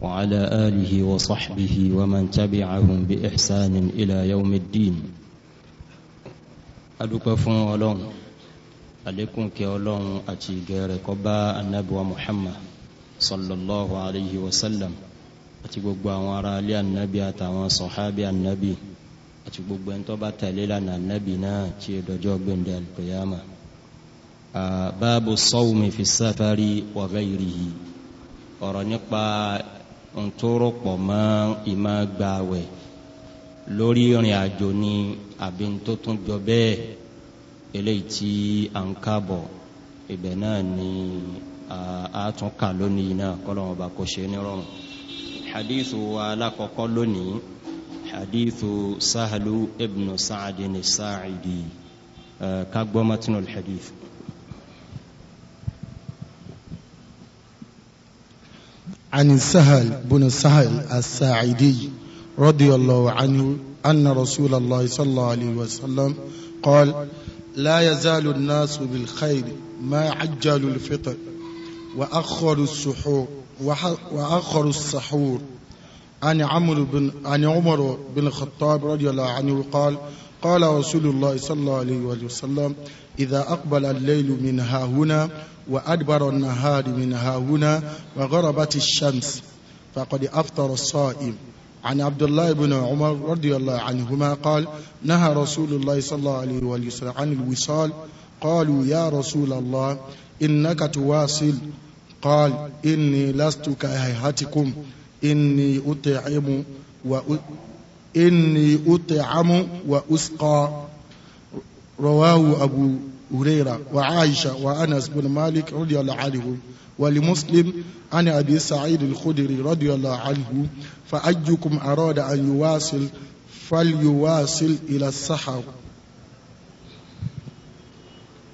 وعلى آله وصحبه ومن تبعهم بإحسان إلى يوم الدين adúpẹ́ fún ọlọ́run àlékún kí ọlọ́run àti ìgẹ̀rẹ̀ kó bá anábíwa muhammad sallallahu alayhi wa sallam àti gbogbo àwọn ará alẹ́ anábí àtàwọn sọ̀hábí anábí àti gbogbo ẹni tó bá tẹ̀lé lánàá anábí náà tí ìdọ̀jọ́ gbẹ̀ndẹ̀ alqiyama báàbù sawmi fi sáfárì wa ghayrihi ọ̀rọ̀ nípa ohun tó rọ̀pọ̀ mọ́ ìmọ̀ gbààwẹ̀ lórí ìrìn àjò ni àbí ohun tó tún eléyìí tí à ń kábọ̀ ibẹ̀ náà ni a tún kà lónìí náà kọ́lọ́wọ́n bá kó ṣe nírọ̀rùn hadithu wa alákọ̀ọ́kọ́ lónìí hadithu sahlu ibn sa'adin sa'idi kagbọ́mọ́tínú hadith. عن السهل بن السهل الساعدي رضي الله عنه أن رسول الله صلى الله عليه وسلم قال لا يزال الناس بالخير ما عجلوا الفطر وأخروا السحور وأخروا السحور عن عمر بن عن عمر بن الخطاب رضي الله عنه قال قال رسول الله صلى الله عليه وسلم إذا أقبل الليل منها هنا وأدبر النهار منها هنا وغربت الشمس فقد أفطر الصائم عن عبد الله بن عمر رضي الله عنهما قال نهى رسول الله صلى الله عليه وسلم عن الوصال قالوا يا رسول الله إنك تواصل قال إني لست كهيئتكم إني أطعم إني أطعم وأسقى رواه أبو هريرة وعائشة وأنس بن مالك رضي الله عنه ولمسلم عن أبي سعيد الخدري رضي الله عنه فأجكم أراد أن يواصل فليواصل إلى السحر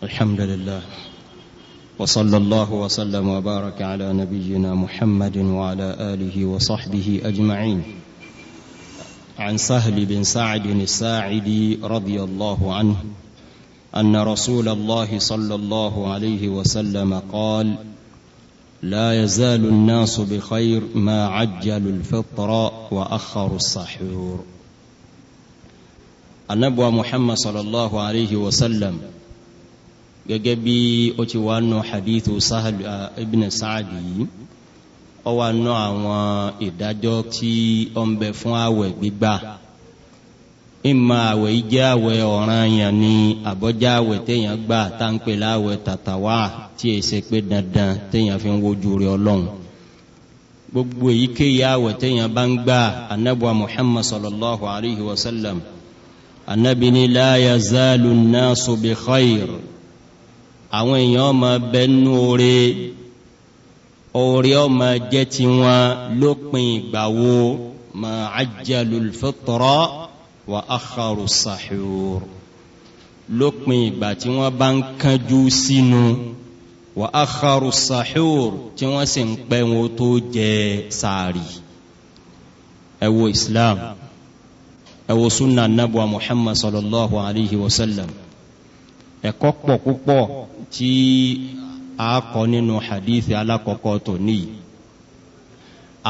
الحمد لله وصلى الله وسلم وبارك على نبينا محمد وعلى آله وصحبه أجمعين عن سهل بن سعد الساعدي رضي الله عنه أن رسول الله صلى الله عليه وسلم قال لا يزال الناس بخير ما عجلوا الفطر وأخروا السحور النبوة محمد صلى الله عليه وسلم gẹ́gẹ́ أتوانو حديث سهل ابن سعدي ọ wà nọ àwọn ìdájọ́ tí ọ ń bẹ fún àwẹ̀ gbígbà ìmọ̀ àwẹ̀ yìí jẹ́ àwẹ̀ ọ̀ranyàn ni àbọ̀já àwẹ̀ téèyàn gbà táǹpẹ̀ láwẹ̀ tàtàwá tí è ṣe pé dandan téèyàn fi ń wojú rẹ̀ ọlọ́run gbogbo èyíkéyìí àwẹ̀ téèyàn bá ń gbà anábùwà muhammad sallallahu alayhi wa sallam anábì ní la yazalu nnasu bi khair àwọn èèyàn máa bẹ́ẹ̀ nú oore orí ọmọ jẹ́ ti wọn lópin ìgbà wo ma ajjalul fitra wa akharu sahur lópin ìgbà tí wọ́n bá ń kánjú sínú wa akharu sahur tí wọ́n sì ń pẹ́ wọn tó jẹ sàárì ẹ islam ẹ sunna nabuwa muhammad sallallahu alayhi wa sallam ẹ̀kọ́ pọ̀ tí a kọ nínú hadith alákọ̀ọ́kọ́ tó níyì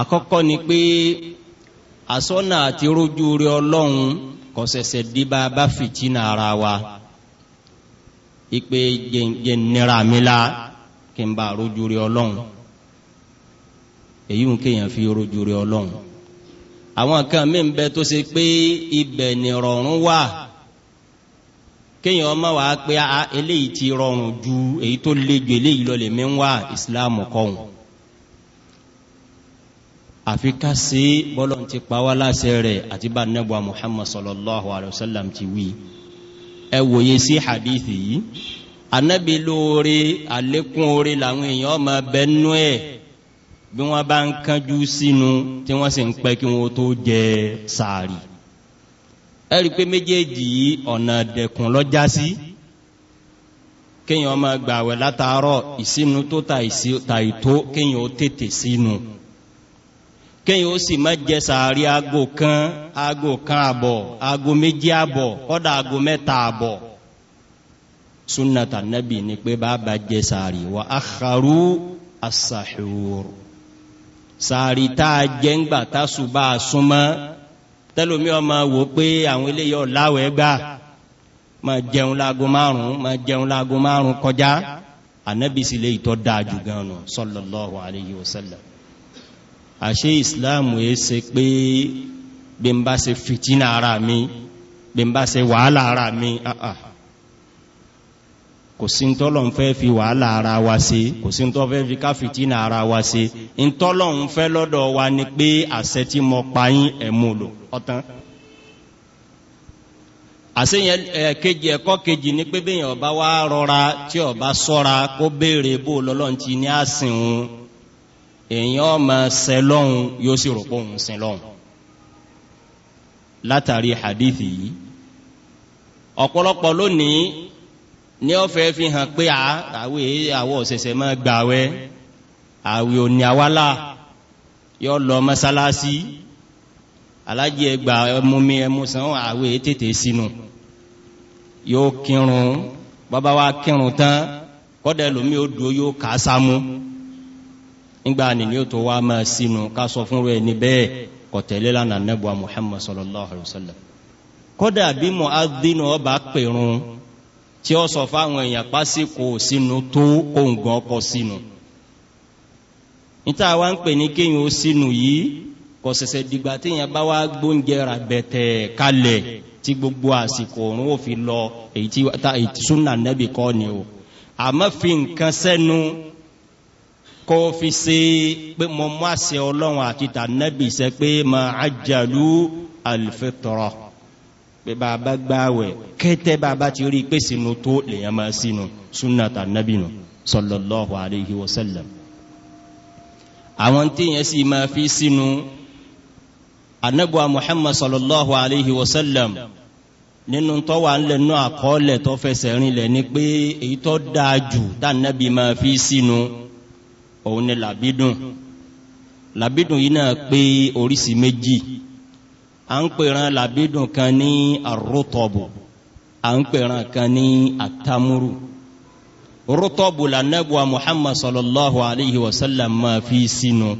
àkọ́kọ́ ni pé asọ́nà àti rójú rí ọlọ́run kò ṣẹ̀ṣẹ̀ di bá a bá fìtínà ara wa ipe jẹ́ nira mi la kí n bá rójú rí ọlọ́run èyí ń kéèyàn fi rójú rí ọlọ́run àwọn kan mí ń bẹ tó ṣe pé ibẹ̀ nìrọ̀rùn wà kíyàn ọmọ wà pé a ah, ah, eléyìí ti rọrùn ju èyí tó lè jù eléyìí lọlẹ̀ mẹ́wàá ìsìláàmù kọ̀hún àfi ká sí bọ́lọ̀ ti pàwọ́ láṣẹ rẹ̀ àti bá nẹ́bùa muhammad sallallahu alaihi wasallam ti wí ẹ wòye sí hadith yìí anabi lóore àlékún oore làwọn èèyàn ọmọ bẹnú ẹ bí wọn bá ń kánjú sínú tí wọn sì ń pẹ kí wọn tó jẹ sàárì ẹ̀rí pé méjèèjì ọ̀nà dẹ̀kùn lọ́já sí kíyàn ọmọ gbàwẹ̀ látàárọ̀ ìsínú tó ta ìtó kíyàn ó tètè sínú kíyàn ó sì má jẹ sàárì aago kan aago kan àbọ̀ aago méjì àbọ̀ kọ́dà aago mẹ́ta àbọ̀ sunnata nabi ni pé bàbá jẹ sàárì wa akharu asahur sàárì tá a jẹ́ ń gbà tá a sùn bá a súnmọ́ tẹlomi ọmọ wò pé àwọn eléyọ láwẹ̀ gbà ma jẹun laago márùn ma jẹun laago márùn kọjá anabi sì lè tọ́ da jù gan nù sallallahu alayhi wa sallam àṣé islam yẹ ṣe pé bí n bá ṣe fìtínà ara mi bí n bá ṣe wàhálà ara mi ah ah kò sí ntọ́lọ̀ ń fẹ́ fi wàhálà ara wa ṣe kò sí ntọ́ fẹ́ fi káfìtínà ara wa ṣe ntọ́lọ̀ ń fẹ́ lọ́dọ̀ wa ni pé àṣẹ tí mo pa yín ẹ̀mú lò ọ̀tán. àṣeyẹn ẹ kejì ẹ̀kọ́ kejì ni pé bẹ́ẹ̀ ọba wa rọra tí ọba sọ́ra kó béèrè bó lọ́lọ́ ti ní àsìn òun èèyàn ọmọ ṣẹ lọ́hùn yóò sì rò pé òun sin lọ́hùn látàrí hadithi yìí ọ̀pọ̀lọpọ̀ lónìí ní ọ̀fẹ́ fi hàn pé àwẹ̀ àwọ̀ ọ̀sẹ̀sẹ̀ máa gbàwẹ̀ àwẹ̀ òní àwálà yọ lọ mọ́sálásí alájí ẹgbà ẹmúmi ẹmúsàn àwẹ̀ tètè sínú yóò kírun bàbá wa kírun tán kọ́dẹ̀ lómi ó dúró yóò kà á sámú nígbà nìní ó tó wá máa sínú ká sọ fún ní bẹ́ẹ̀ tí ó sọ fáwọn èèyàn pásíkò sínú tó òǹgàn ọkọ̀ sínú níta wá ń pè ní kéèyàn ó sínú yìí kò ṣẹ̀ṣẹ̀ dìgbà téèyàn bá wá gbóúnjẹ rà bẹ̀tẹ̀ kalẹ̀ tí gbogbo àsìkò òun ò fi lọ èyí tí súnà nẹ́bì kọ́ ni o àmọ́ fi nǹkan sẹ́nu kó fi ṣe pé mo mú àṣẹ ọlọ́run àti tànẹ́bì sẹ́ pé mà jàlú àlùfẹ́ tọrọ pé bàbá gbàwẹ̀ kẹ́tẹ́ bàbá ti rí pé sínú tó lèyàn máa sínú súnàtà nábìnú sallallahu alayhi wa sallam àwọn tíyẹn sì máa fi sínú anabuwa muhammad sallallahu alayhi wa sallam nínú tó wà lẹ́nu àkọọ́lẹ̀ tó fẹsẹ̀ rinlẹ̀ ni pé èyí tó dáa jù tá nábì máa fi sínú òun ni làbídùn làbídùn yìí náà pé oríṣi méjì à ń pèrán làbídùn kan ní àrótọ́bù à ń pèrán kan ní àtàmúrù rótọ́bù lànàbùwà muhammad sallallahu alayhi wa sallam máa fi sínú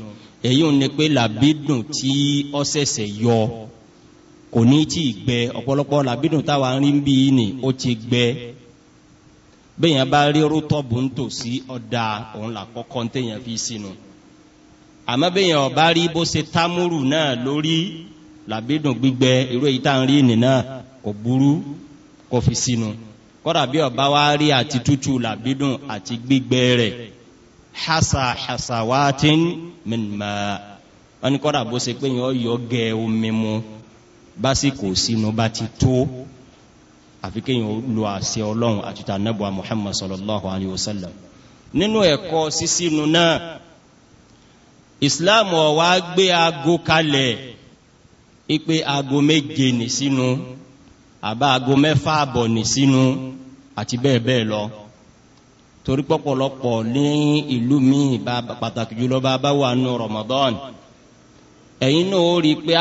èyí ò ní pé làbídùn tí ó ṣẹ̀ṣẹ̀ yọ kò ní tí ì gbẹ ọ̀pọ̀lọpọ̀ làbídùn táwa ń rí bí yìí ni ó ti gbẹ bẹ́yẹn bá rí rótọ́bù ń tòsí ọ̀dà òun làkọ́kọ́ ń tẹ̀yẹn fi sínú àmọ́ bẹ́yẹn ọ̀bá rí bó ṣe támúrù náà lórí làbídùn gbígbẹ irú èyí tá à ń rí nìna kò burú kò fi sínú kọ́dà bí ọba wa rí àti tútù làbídùn àti gbígbẹ rẹ̀ hasa hasawatin min ma wọ́n ní kọ́dà bó ṣe pé yẹn yọ gẹ omi mu bá sì kò sínú bá ti tó àfi kéèyàn lo àṣẹ ọlọ́run àti tànàbùà muhammad sallallahu alayhi wa sallam nínú ẹ̀kọ́ sísínu náà islam ọ̀wá gbé aago kalẹ̀ ipe aago méje ní sínú àbá aago mẹ́fà àbọ̀ ní sínú àti bẹ́ẹ̀ bẹ́ẹ̀ lọ torí pọ̀pọ̀lọpọ̀ ní ìlú míì pàtàkì jùlọ bá bá wà nù Ramadan ẹ̀yin náà ó rí i pé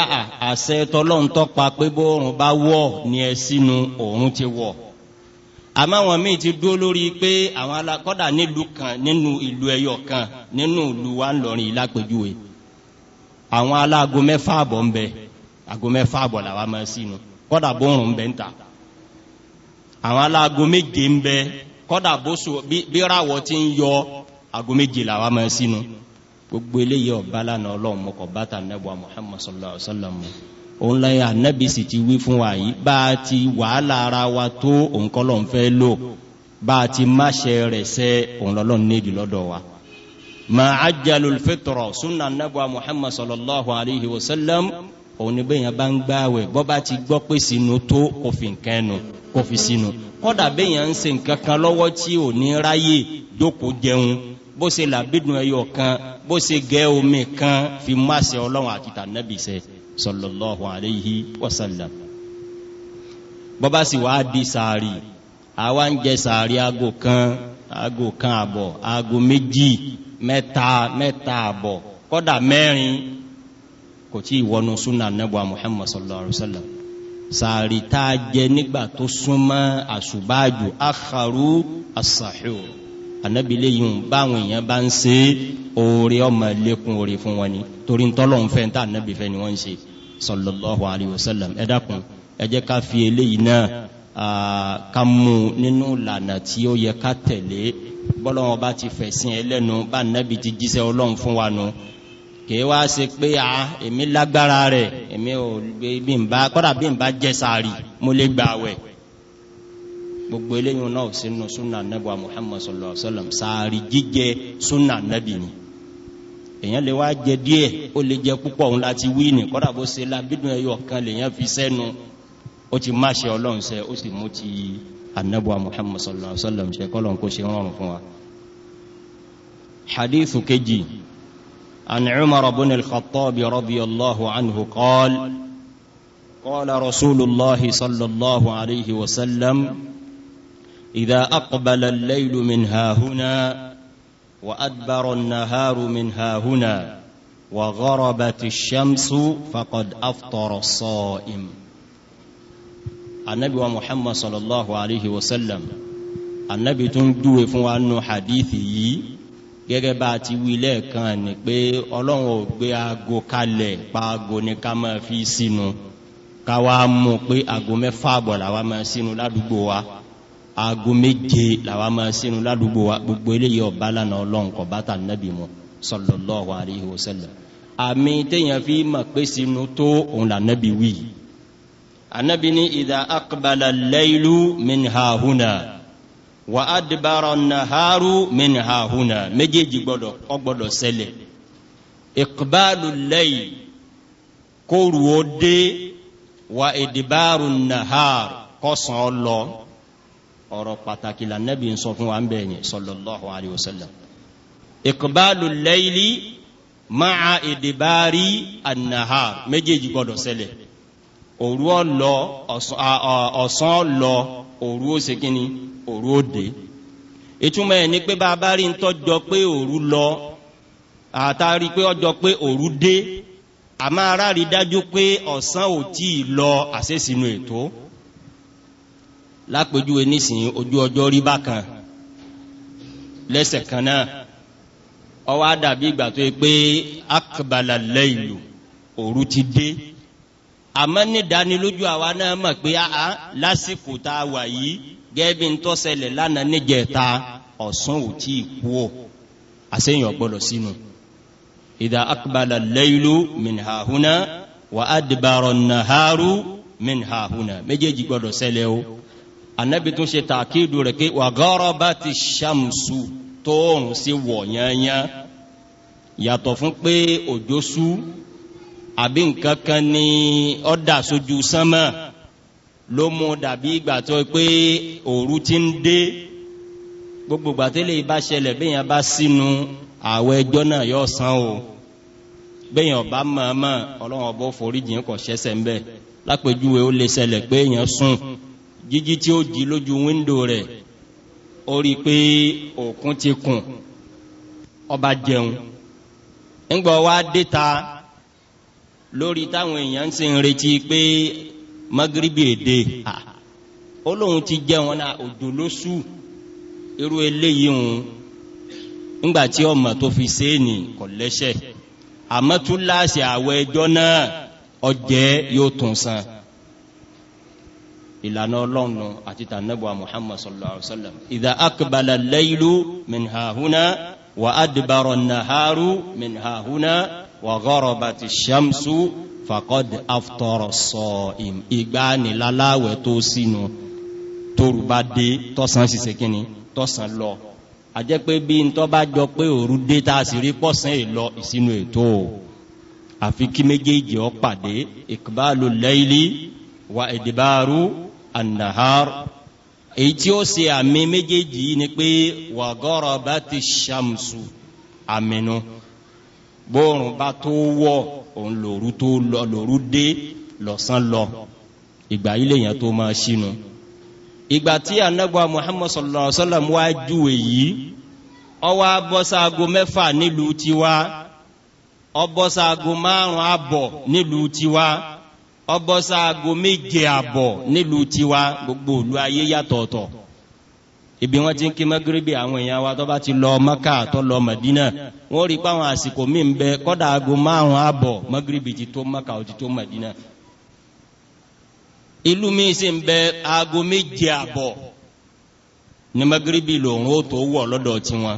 àṣẹ tọlọ́run tọ́pa pé bóòrùn bá wọ̀ ní ẹ sínú òun ti wọ̀ àmọ́ àwọn míì ti dúró lórí pé àwọn alákọ́dà nílùú kan nínú ìlú ẹyọ kan nínú ìlú wa ńlọrin ìlápẹ̀júwe àwọn aláago mẹ́fà àbọ̀ ń bẹ́ẹ̀ aago mẹ́fà àbọ̀ làwa máa sí nu kọ́dà bóorùn bẹ́ ń ta àwọn aláago méje ń bẹ kọ́dà bóso bí ráwọ̀ ti ń yọ aago méje làwa máa sí nu gbogbo eléyìí ọba lánàá ọlọ́run mọ́ kọ́ bàtà nẹ́bù muhammad sallallahu alayhi wa sallam òun lẹ́yìn anabi sì ti wí fún wa yìí bá a ti wàhálà ara wa tó òun lọ́n fẹ́ lò bá a ti má ṣe rẹ̀ sẹ́ òun nídìí lọ́dọ̀ wa ma ajalul fitra sunna nẹ́bù muhammad sallallahu alayhi wa sallam òun ni bẹ́ẹ̀ yẹn bá ń gbààwẹ̀ bọ́ bá ti gbọ́ pé sínú tó kò fi nǹkan ẹnu kò fi sínú kọ́dà bẹ́ẹ̀ yẹn ń ṣe nǹkan kan lọ́wọ́ tí ò ní ráyè jókòó jẹun bó ṣe làbídùn ẹyọ kan bó ṣe gẹ omi kan fi mú àṣẹ ọlọ́run àti tànàbì ṣe sallallahu alayhi wa sallam bọ́ bá sì wàá di sàárì àwa ń jẹ sàárì aago kan aago kan àbọ̀ aago méjì mẹ́ta mẹ́ta àbọ̀ kọ́dà mẹ́rin kò tí ì wọnú súnà nàbọ̀ Muhammad sallallahu alayhi wa sallam sàárì tá a jẹ nígbà tó súnmọ́ àṣùbáàjù akharu as-sahur ànábìlẹ̀ yìí ń báwọn èèyàn bá ń ṣe oore ọmọ lẹ́kùn oore fún wọn ni torí ntọ́lọ̀ ń fẹ́ ń tà ànábì fẹ́ ni wọ́n ń ṣe sallallahu alayhi wa sallam ẹ dákun ẹ jẹ́ ká fi eléyìí náà ká mú nínú lànà tí ó yẹ ká tẹ̀lé bọ́lọ́wọ́n bá ti fẹ̀sìn ẹlẹ́nu bá ànábì ti jíṣẹ́ ọlọ́run fún wa nu kì í wá ṣe pé a èmi lágbára rẹ̀ èmi ò gbé bí n bá kọ́dà bí n bá jẹ sàárì mo lè gbà wẹ̀ gbogbo eléyìí náà sínú sunna nabi wa muhammad sallallahu alaihi wa sallam sàárì jíjẹ sunna nabi ni èyàn lè wá jẹ díẹ̀ ó lè jẹ púpọ̀ òun láti wí ní kọ́dà bó ṣe la bídùn ẹyọ kan lèyàn fi sẹ́nu ó ti má ṣe ọlọ́run ṣe ó sì mú ti anabi wa muhammad sallallahu alaihi wa sallam ṣe kọ́lọ́n kó ṣe rọrùn fún wa hadithu kejì. عن عمر بن الخطاب رضي الله عنه قال قال رسول الله صلى الله عليه وسلم إذا أقبل الليل من هنا وأدبر النهار من هنا وغربت الشمس فقد أفطر الصائم النبي محمد صلى الله عليه وسلم النبي تنجو فوانو حديثي gẹ́gẹ́ bá a ti wí lẹ́ẹ̀kan ni pé ọlọ́run ò gbé aago kalẹ̀ pa aago ni ká máa fi sínú ká wá mú pé aago mẹ́fà àbọ̀ làwa máa sínú ládùúgbò wa aago méje làwa máa sínú ládùúgbò wa gbogbo eléyìí ọ̀bá lánàá ọlọ́run kọ̀ bá tà nẹ́bì mọ́ sallallahu alaihi wasallam àmì téèyàn fi mọ̀ pé sínú tó òun là nẹ́bì wí. ànẹ́bì ní idha aqbala al-laylu min wà á dìbàrọ̀ nàhárù mẹ́ni àhúnà méjèèjì gbọ́dọ̀ ọgbọ́dọ̀ sẹlẹ̀ ìkbàlù lẹ́yìn kóru ó dé wà ìdìbàrù nàhárù kọsàn ọ lọ ọ̀rọ̀ pàtàkì là nẹ́bí ń sọ fún wa ń bẹ̀ yẹn sallallahu alayhi wa sallam ìkbàlù lẹ́yìn máa ìdìbàrí ànàhárù méjèèjì gbọ́dọ̀ sẹlẹ̀ òru ọ lọ ọ̀sán ọ lọ òru ó ṣe kíni òru ó dé ìtumọ̀ ẹ̀ ni pé bàbá rí ntọ́jọ pé òru lọ àtàrí pé ọjọ́ pé òru dé àmọ́ ara rí dájú pé ọ̀sán ò tí ì lọ àṣẹ́sínú ètò lápèjúwe nísìnyí ojú ọjọ́ rí bákan lẹ́sẹ̀ kan náà ọwọ́ á dàbí ìgbà tó yẹ pé akbalà lẹ́yìn òru ti dé àmọ́ ní ìdánilójú àwa náà mọ̀ pé àá lásìkò tá a wà yìí gẹ́bí ń tọ́sẹlẹ̀ lánàá níjẹta ọ̀sán ò tí ì kú ọ̀ àṣeyàn gbọ́dọ̀ sínú. ìdá akbala lẹ́yìnlú minhahuna wà á dìbàrọ̀ nàhárù minhahuna méjèèjì gbọ́dọ̀ sẹlẹ̀ o. anabi tún ṣe tàkìdù rẹ̀ pé wà gọ́rọ̀ bá ti ṣàmùsù tóorùn sí wọ̀ yányá yàtọ̀ fún pé òjò sú àbí nǹkan kan ní ọ̀dà sójú sánmọ̀ ló mú dàbí ìgbà tó pé òru ti ń dé gbogbo gbàtẹ́lẹ̀ ìbá ṣẹlẹ̀ bẹ́ẹ̀ yẹn bá sínú àwọn ẹjọ́ náà yọ san o bẹ́ẹ̀ yẹn ọba mọ̀ọ́mọ̀ ọlọ́run ọbọ̀ foríjìn kò ṣẹṣẹ̀ ń bẹ̀ lápèjúwe ó lè ṣẹlẹ̀ pé yẹn sùn jíjí tí ó jí lójú wíńdò rẹ̀ ó rí i pé òkun ti kùn ọba jẹun ńgbọ́ wa dé ta lórí táwọn èèyàn ń sìn retí pé magribi èdè ó lóun ti jẹ́ wọn náà òjò ló sú irú eléyìí òun ńgbà tí ọmọ tó fi ṣe é nì kò lẹ́sẹ̀ àmọ́ tún láàṣẹ àwọ̀ ẹjọ́ náà ọjẹ́ yóò tún san ìlànà ọlọ́run àti tànàbọ̀ muhammad sallallahu alaihi wa sallam ìdá akbala laylu min hahuna wa adbaro naharu min hahuna wa gharabati shamsu faqad aftara as-sa'im ìgbà níláláwẹ̀ tó sínú tóru bá dé tọ́sán sì sẹ́kínni tọ́sán lọ àjẹ́ pé bí n tọ́ bá jọ pé òru dé tá a sì rí pọ́sán èlọ ìsínú ètò àfi kí méjèèjì ọ pàdé ìkbálù layli wa ìdìbàrú annahar èyí tí ó ṣe àmì méjèèjì ni pé wa gharabati shamsu àmìnú. No bóòrùn bá tó wọ̀ òun lọrụ tó lọ lòru dé lọ́sàn lọ ìgbà yìí lèèyàn tó máa ṣínú ìgbà tí anagba muhammad sallallahu wá júwe yìí ọwọ́ nílùú tiwa ọbọ́sáago márùn-ún nílùú tiwa ọbọ́sáago méje gbogbo ibi wọn ti ń kí magrebi àwọn èèyàn wa tó bá ti lọ maka tó lọ madina wọn rí i pé àwọn àsìkò mi ń bẹ kọ́dà aago márùn-ún magrebi ti tó maka ó ti tó madina ìlú mi sì ń bẹ aago méje àbọ̀ ní magrebi lòun ó tó wọ̀ lọ́dọ̀ tiwọn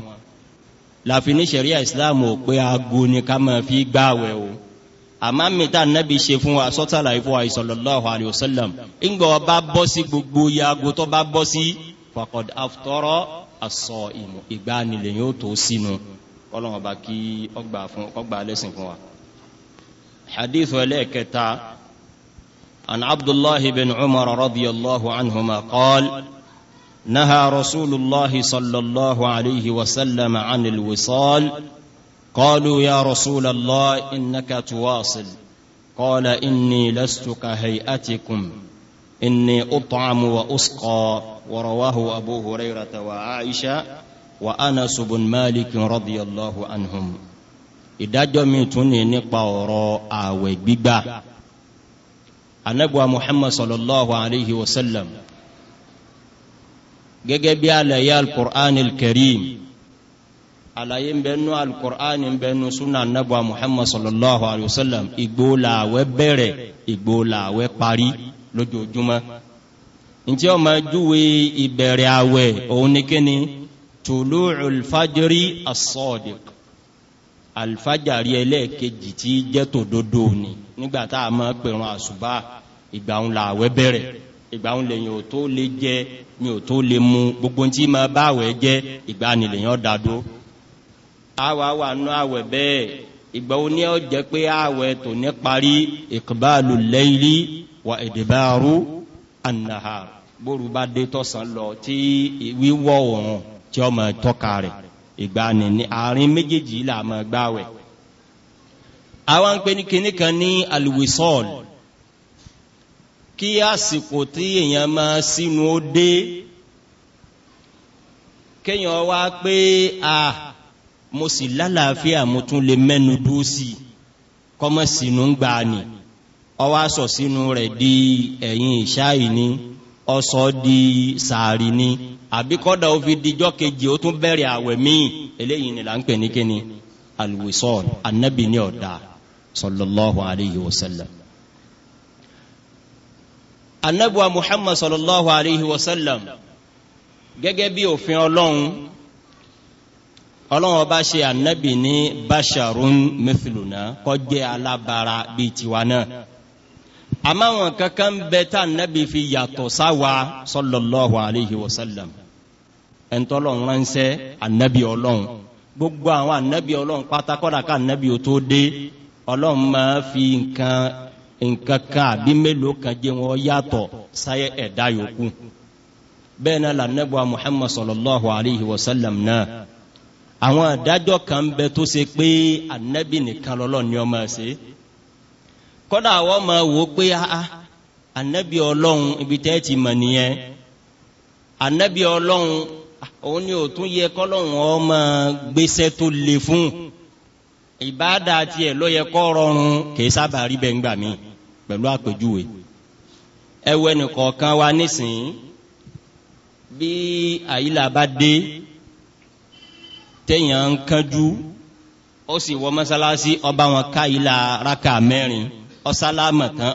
láfi ní sẹ̀ríà islam ò pé aago ni ká máa fi gbààwẹ̀ o àmọ́ mìta nẹ́bi ṣe fún wa sọ́tàlá ìfọ̀ àìsàn lọ́lọ́hu alayhi wa sallam bá bọ́ sí gbogbo yaago tó bá bọ́ sí. Si, fakọd aftọrọ asọ ìmù ìgbàanilẹ yóò tó sínú kọlọmọ bá kí ọgbà fún ọgbà lẹsìn fún wa. hadith ẹlẹ́kẹta an abdullahi bin umar radiyallahu anhuma qaal naha rasulillahi sallallahu alayhi wa sallam an ilwisaal qalu ya rasulallah innaka tuwasil qala inni lastu ka hay'atikum inni ut'amu wa usqa ورواه أبو هريرة وعائشة وأنس بن مالك رضي الله عنهم ìdájọ́ mi tún ní nípa ọ̀rọ̀ ààwẹ̀ gbígbà anábùwà muhammad sallallahu alayhi wa sallam gẹ́gẹ́ bí alaye al-qur'an al-karim alaye ń bẹnu al-qur'an ń bẹnu sunna anábùwà muhammad sallallahu alayhi wa sallam ìgbó làwẹ̀ bẹ̀rẹ̀ ìgbó làwẹ̀ parí lójoojúmọ́ ntí ọmọ júwe ìbẹ̀rẹ̀ àwẹ̀ òun ni kíni tùlú alfajiri asọ́ọ̀dìk alfajari ẹlẹ́ẹ̀kejì tí jẹ́ tòdodo ni nígbà tá a máa pẹ̀rùn àṣùbà ìgbà òun là àwẹ̀ bẹ̀rẹ̀ ìgbà òun lèyìn ò tó lè jẹ mi ò tó lè mu gbogbo ntí máa bá àwẹ̀ jẹ ìgbà ni lèyìn ọ̀dà dó àwa wà nù àwẹ̀ bẹ́ẹ̀ ìgbà òun ni ọ̀ jẹ́ pé àwẹ̀ tò ní parí ìkbàlù lẹ́yìn wa ìdìbàrú annahar bóru bá dé tọ̀sán lọ tí wíwọ̀ oòrùn tí ọmọ tọ́ka rẹ̀ ìgbani ní àárín méjèèjì là máa gbáwẹ̀. àwa ń pè ní kinní kan ní alwisol kí àsìkò tí èèyàn máa sínú ó dé kéèyàn wá pé a mo sì lálàáfíà mo tún lè mẹ́nu dúró sí i kọ́mọ̀ ń gbani ọwọ́ aṣọ sínú rẹ̀ di ẹ̀yìn ìṣáì E ọsọ di sàárì ni àbí kọ́dà ó fi dijọ́ kejì ó tún bẹ̀rẹ̀ àwẹ̀ míì eléyìí ni là ń pè ní kíni alwisol anabi ni ọ̀dà sallallahu alayhi wa sallam. anabi wa muhammad sallallahu alayhi wa sallam gẹ́gẹ́ bí òfin ọlọ́run ọlọ́run ọba ṣe anabi ní basharun mithluna kó jẹ́ alábara bíi tiwa náà àmáwọn kankan bẹ tá nábì fi yàtọ̀ sáwà sallallahu alayhi wa sallam ẹ̀ńtọ́lọ́run ránṣẹ́ ànábì ọlọ́run gbogbo àwọn ànábì ọlọ́run pátákọ́dà ká ànábì ó tó dé ọlọ́run máa fi nǹkan nǹkan kan àbí mélòó kan jẹ́ wọn yàtọ̀ sáyẹ ẹ̀dá yòókù bẹ́ẹ̀ náà lànàbọ̀ Muhammad sallallahu alayhi wa sallam náà àwọn àdájọ́ kan bẹ tó ṣe pé ànábì nìkan lọ́lọ́ ni ọ máa ṣe kọ́dà wọ́n ma wò pé a ah, anabi ah, ọlọ́run ibi tẹ́ ti mọ̀ nìyẹn anabi ọlọ́run òun ni òtún yẹ kọ́lọ́run ọmọ gbèsè tó le fún ìbáàdà tiẹ̀ ló yẹ kọ́ rọrùn kìí sábà rí bẹ́ẹ̀ ńgbà mí pẹ̀lú àpèjúwe ẹwẹ́ nìkọ̀ọ̀kan wa nísìnyí bí àyílà bá dé téèyàn ń kánjú ó sì wọ mọ́sálásí ọba wọn ká àyílà rákà mẹ́rin ọsálámà tán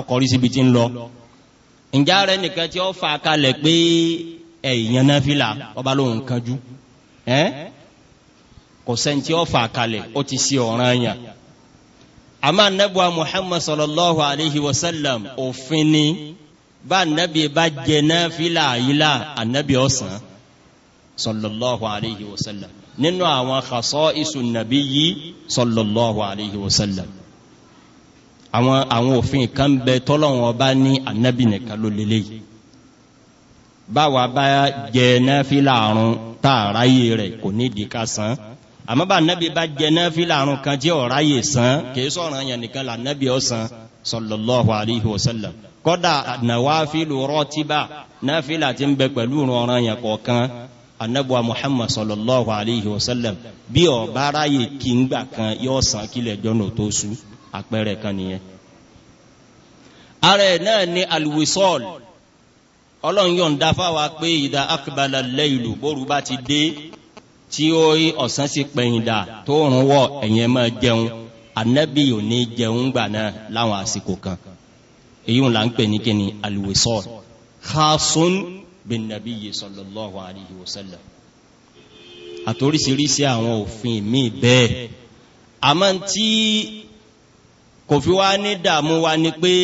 ọkọ̀rí síbi tí ń lọ ǹjẹ́ ààrẹ nìkan tí ó fà kalẹ̀ pé ẹ̀yìn náfìlà ọba lóhun kanjú kò sẹ́ni tí ó fà kalẹ̀ ó ti sí ọ̀ràn yàn àmọ́ anábùwà muhammad sallallahu alayhi wa sallam òfin ni bá anábì bá jẹ náfìlà àyílà anábì ọ̀sán sallallahu alayhi wa sallam nínú àwọn khasọ́ isu nàbí yìí sallallahu alayhi wa sallam àwọn àwọn òfin kan bẹ tọ́lọ́wọ́n ọba ní anabi nìkan ló lélẹ̀ yìí báwa bá jẹ náfìlà àrùn tá a ráyè rẹ̀ kò ní di ká san àmọ́ bá anabi bá jẹ náfìlà àrùn kan jẹ́ ọ̀ráyè san kìí sọ̀rọ̀ yẹn nìkan là anabi ọ̀sán sallallahu alayhi wa sallam kọ́dà nàwáfìlù rọ́tíbà náfìlà ti ń bẹ pẹ̀lú ọ̀ràn yẹn kọ̀ọ̀kan anabuwa muhammad sallallahu alayhi wa sallam bí ọ̀bá ráyè kí ń gbà kan yọ àpẹẹrẹ kan nìyẹn ara ẹ̀ náà ni alwisol ọlọ́run yọ̀ǹda fáwa pé ìdá akbala lẹ́yìnlú bóru bá ti dé tí ó rí ọ̀sán sí pẹ̀yìndà tó rún wọ̀ ẹ̀yìn ẹ̀ máa jẹun anabi ò ní jẹun gbà náà láwọn àsìkò kan èyí ń là ń pè ní kíni alwisol khasun bin nabi yi sallallahu alayhi wa sallam àtòrísìírísìí àwọn òfin míì bẹ́ẹ̀ àmọ́ tí kò fi wá ní dààmú wa ni pé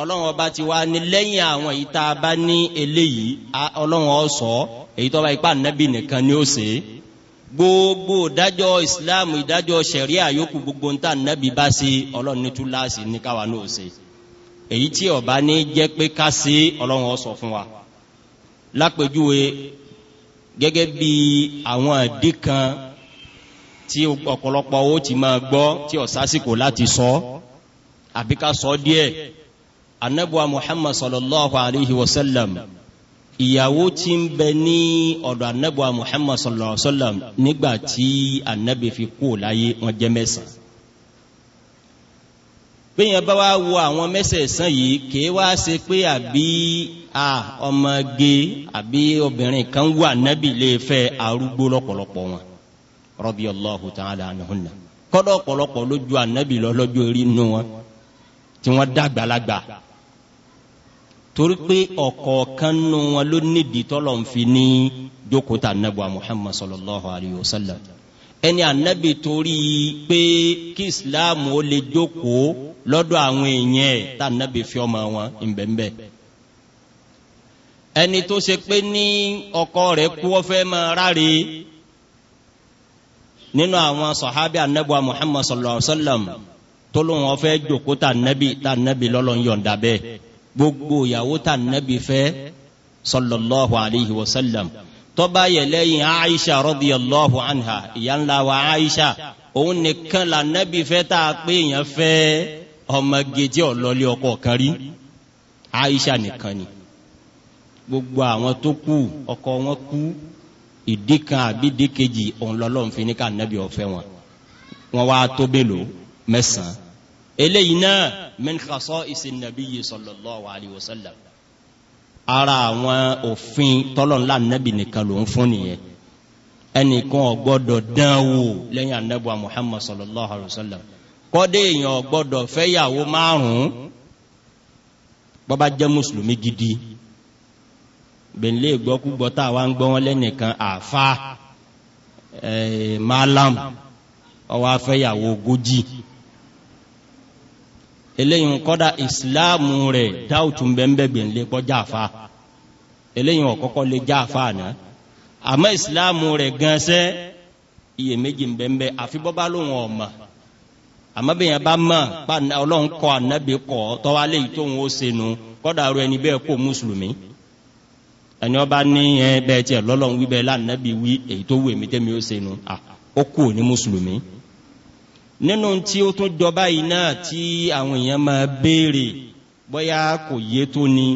ọlọ́run ọba ti wá ní lẹ́yìn àwọn èyí tá a bá ní eléyìí ọlọ́run ọ̀sọ́ èyí tó bá ipá nẹ́bì nìkan ni ó ṣe é gbogbo ìdájọ́ ìsìláàmù ìdájọ́ sẹ̀ríà yòókù gbogbo ń tà bá ṣe ọlọ́run ní túláàsì ní káwa náà ṣe èyí tí ọba ní jẹ́ pé ká ṣe ọlọ́run ọ̀sọ́ fún wa lápèjúwe gẹ́gẹ́ bí àwọn àdí kan tí ọ̀pọ̀lọpọ̀ ó ti máa gbọ́ tí ọ̀sásìkò láti sọ so àfi ká sọ díẹ̀ anabuwa muhammad sallallahu alayhi wa sallam ìyàwó tí ń bẹ ní ọ̀dọ̀ anabuwa muhammad sallallahu alayhi wa sallam nígbà tí anabi fi kú láyé wọn jẹ́ mẹ́sàn-án bẹ́yẹn bá wá wo àwọn mẹ́sẹ̀ẹ̀sán yìí kì í wá ṣe pé àbí a ọmọge àbí obìnrin kan wà nábì lè fẹ́ arúgbó lọ́pọ̀lọpọ̀ wọn radiyallahu ta'ala anhunna kọ́dọ̀ ọ̀pọ̀lọpọ̀ lójú ànábì lọ́lọ́jọ́ orí inú wọn tí wọ́n dàgbà lágbà torí pé ọ̀kọ̀ọ̀kan nu wọn ló nídìí tọ́lọ̀ ń fi ní jókòtà anabu muhammad sallallahu alayhi wa sallam ẹni anabi torí pé kí islam ó lè jókòó lọ́dọ̀ àwọn èèyàn ẹ̀ tá anabi fi ọmọ wọn ìbẹ̀ǹbẹ̀ ẹni tó ṣe pé ní ọkọ rẹ̀ kú ọ fẹ́ máa ráre nínú àwọn sọ̀hábì anabu muhammad sallallahu alayhi wa sallam tọ́lọ́hún ọ̀fẹ́ jòkó ta nẹ́bí tà nẹ́bí lọ́lọ́ ń yọ̀ǹda bẹ́ẹ̀ gbogbo ìyàwó tà nẹ́bí fẹ́ sallallahu alayhi wa sallam tọ́ba yẹ aisha radiyallahu anha ìyá wa aisha òun nìkan là nẹ́bí fẹ́ tá a pé èèyàn fẹ́ ọmọge tí ọ̀lọ́lé ọkọ kan aisha nìkan ni gbogbo àwọn tó kù ọkọ wọn kú ìdí kan àbí ìdí kejì òun ní ká nẹ́bí ọ̀fẹ́ wọn wọn wá tó lò ó mẹ́sàn-án eléyìí náà min khasa'isi nabiyyi sallallahu alayhi wa sallam ara àwọn òfin tọ́lọ̀nlá nẹ́bì nìkan ló ń fún nìyẹn ẹnìkan ò gbọ́dọ̀ dán wò lẹ́yìn anẹ́bùa Muhammad sallallahu alayhi wa sallam kọ́dé èèyàn ò gbọ́dọ̀ fẹ́yàwó márùn-ún bọ́bá jẹ́ mùsùlùmí gidi bẹ̀lẹ́ gbọ́kúgbọ́ tá a wá ń gbọ́ wọn lẹ́nìkan àfa eh, malam ó eléyìn kọ́dá ìsìláàmù rẹ̀ dáùtù bẹ́ẹ̀bẹ̀gbẹ̀ lè kọ́ jáfà eléyìn ọ̀kọ́kọ́ lè jáfà náà àmọ́ ìsìláàmù rẹ̀ gánṣẹ́ iye méjì bẹ́ẹ̀bẹ̀ àfibọ́bá lóhun ọ̀mà àmọ́ bẹ́ẹ̀ yẹn bá mọ̀ pa ọlọ́run kọ́ ànábì kọ́ tọ́wá léyìí tóun ó senu kọ́dà rẹ̀ ni bẹ́ẹ̀ kó mùsùlùmí ẹni ọba ní ẹ bẹ́ẹ̀ tiẹ̀ lọ́lọ́run wí bẹ́ẹ̀ lánàbì wí èyí tó wù nínú tí ó tún jọba yìí náà tí àwọn èèyàn máa béèrè bóyá kò yé tó ni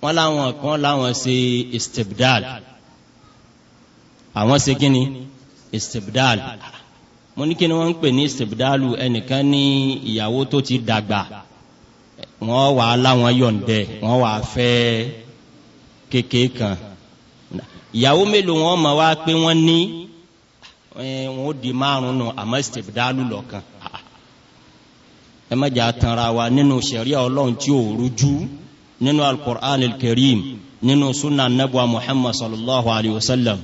wọn làwọn kan làwọn ṣe istibdal àwọn ṣe kíni istibdal mo ní kí ni wọn ń pè ní istibdalu ẹnìkan ní ìyàwó tó ti dàgbà wọn wà á láwọn yọ̀ǹdẹ wọn wà á fẹ́ kékeré kan ìyàwó mélòó wọn mọ̀ wá pé wọ́n ní Eh, wọn ó di márùn nù àmọ́ ìsìtẹ̀bìdálù lọ́kàn ah, ah. ẹ mẹ́jà tanra wa nínú sẹ̀ríà ọlọ́run tí ò rújú nínú alkùránì kẹrìm nínú súnà nẹ́bùa muhammad sallallahu alayhi wa sallam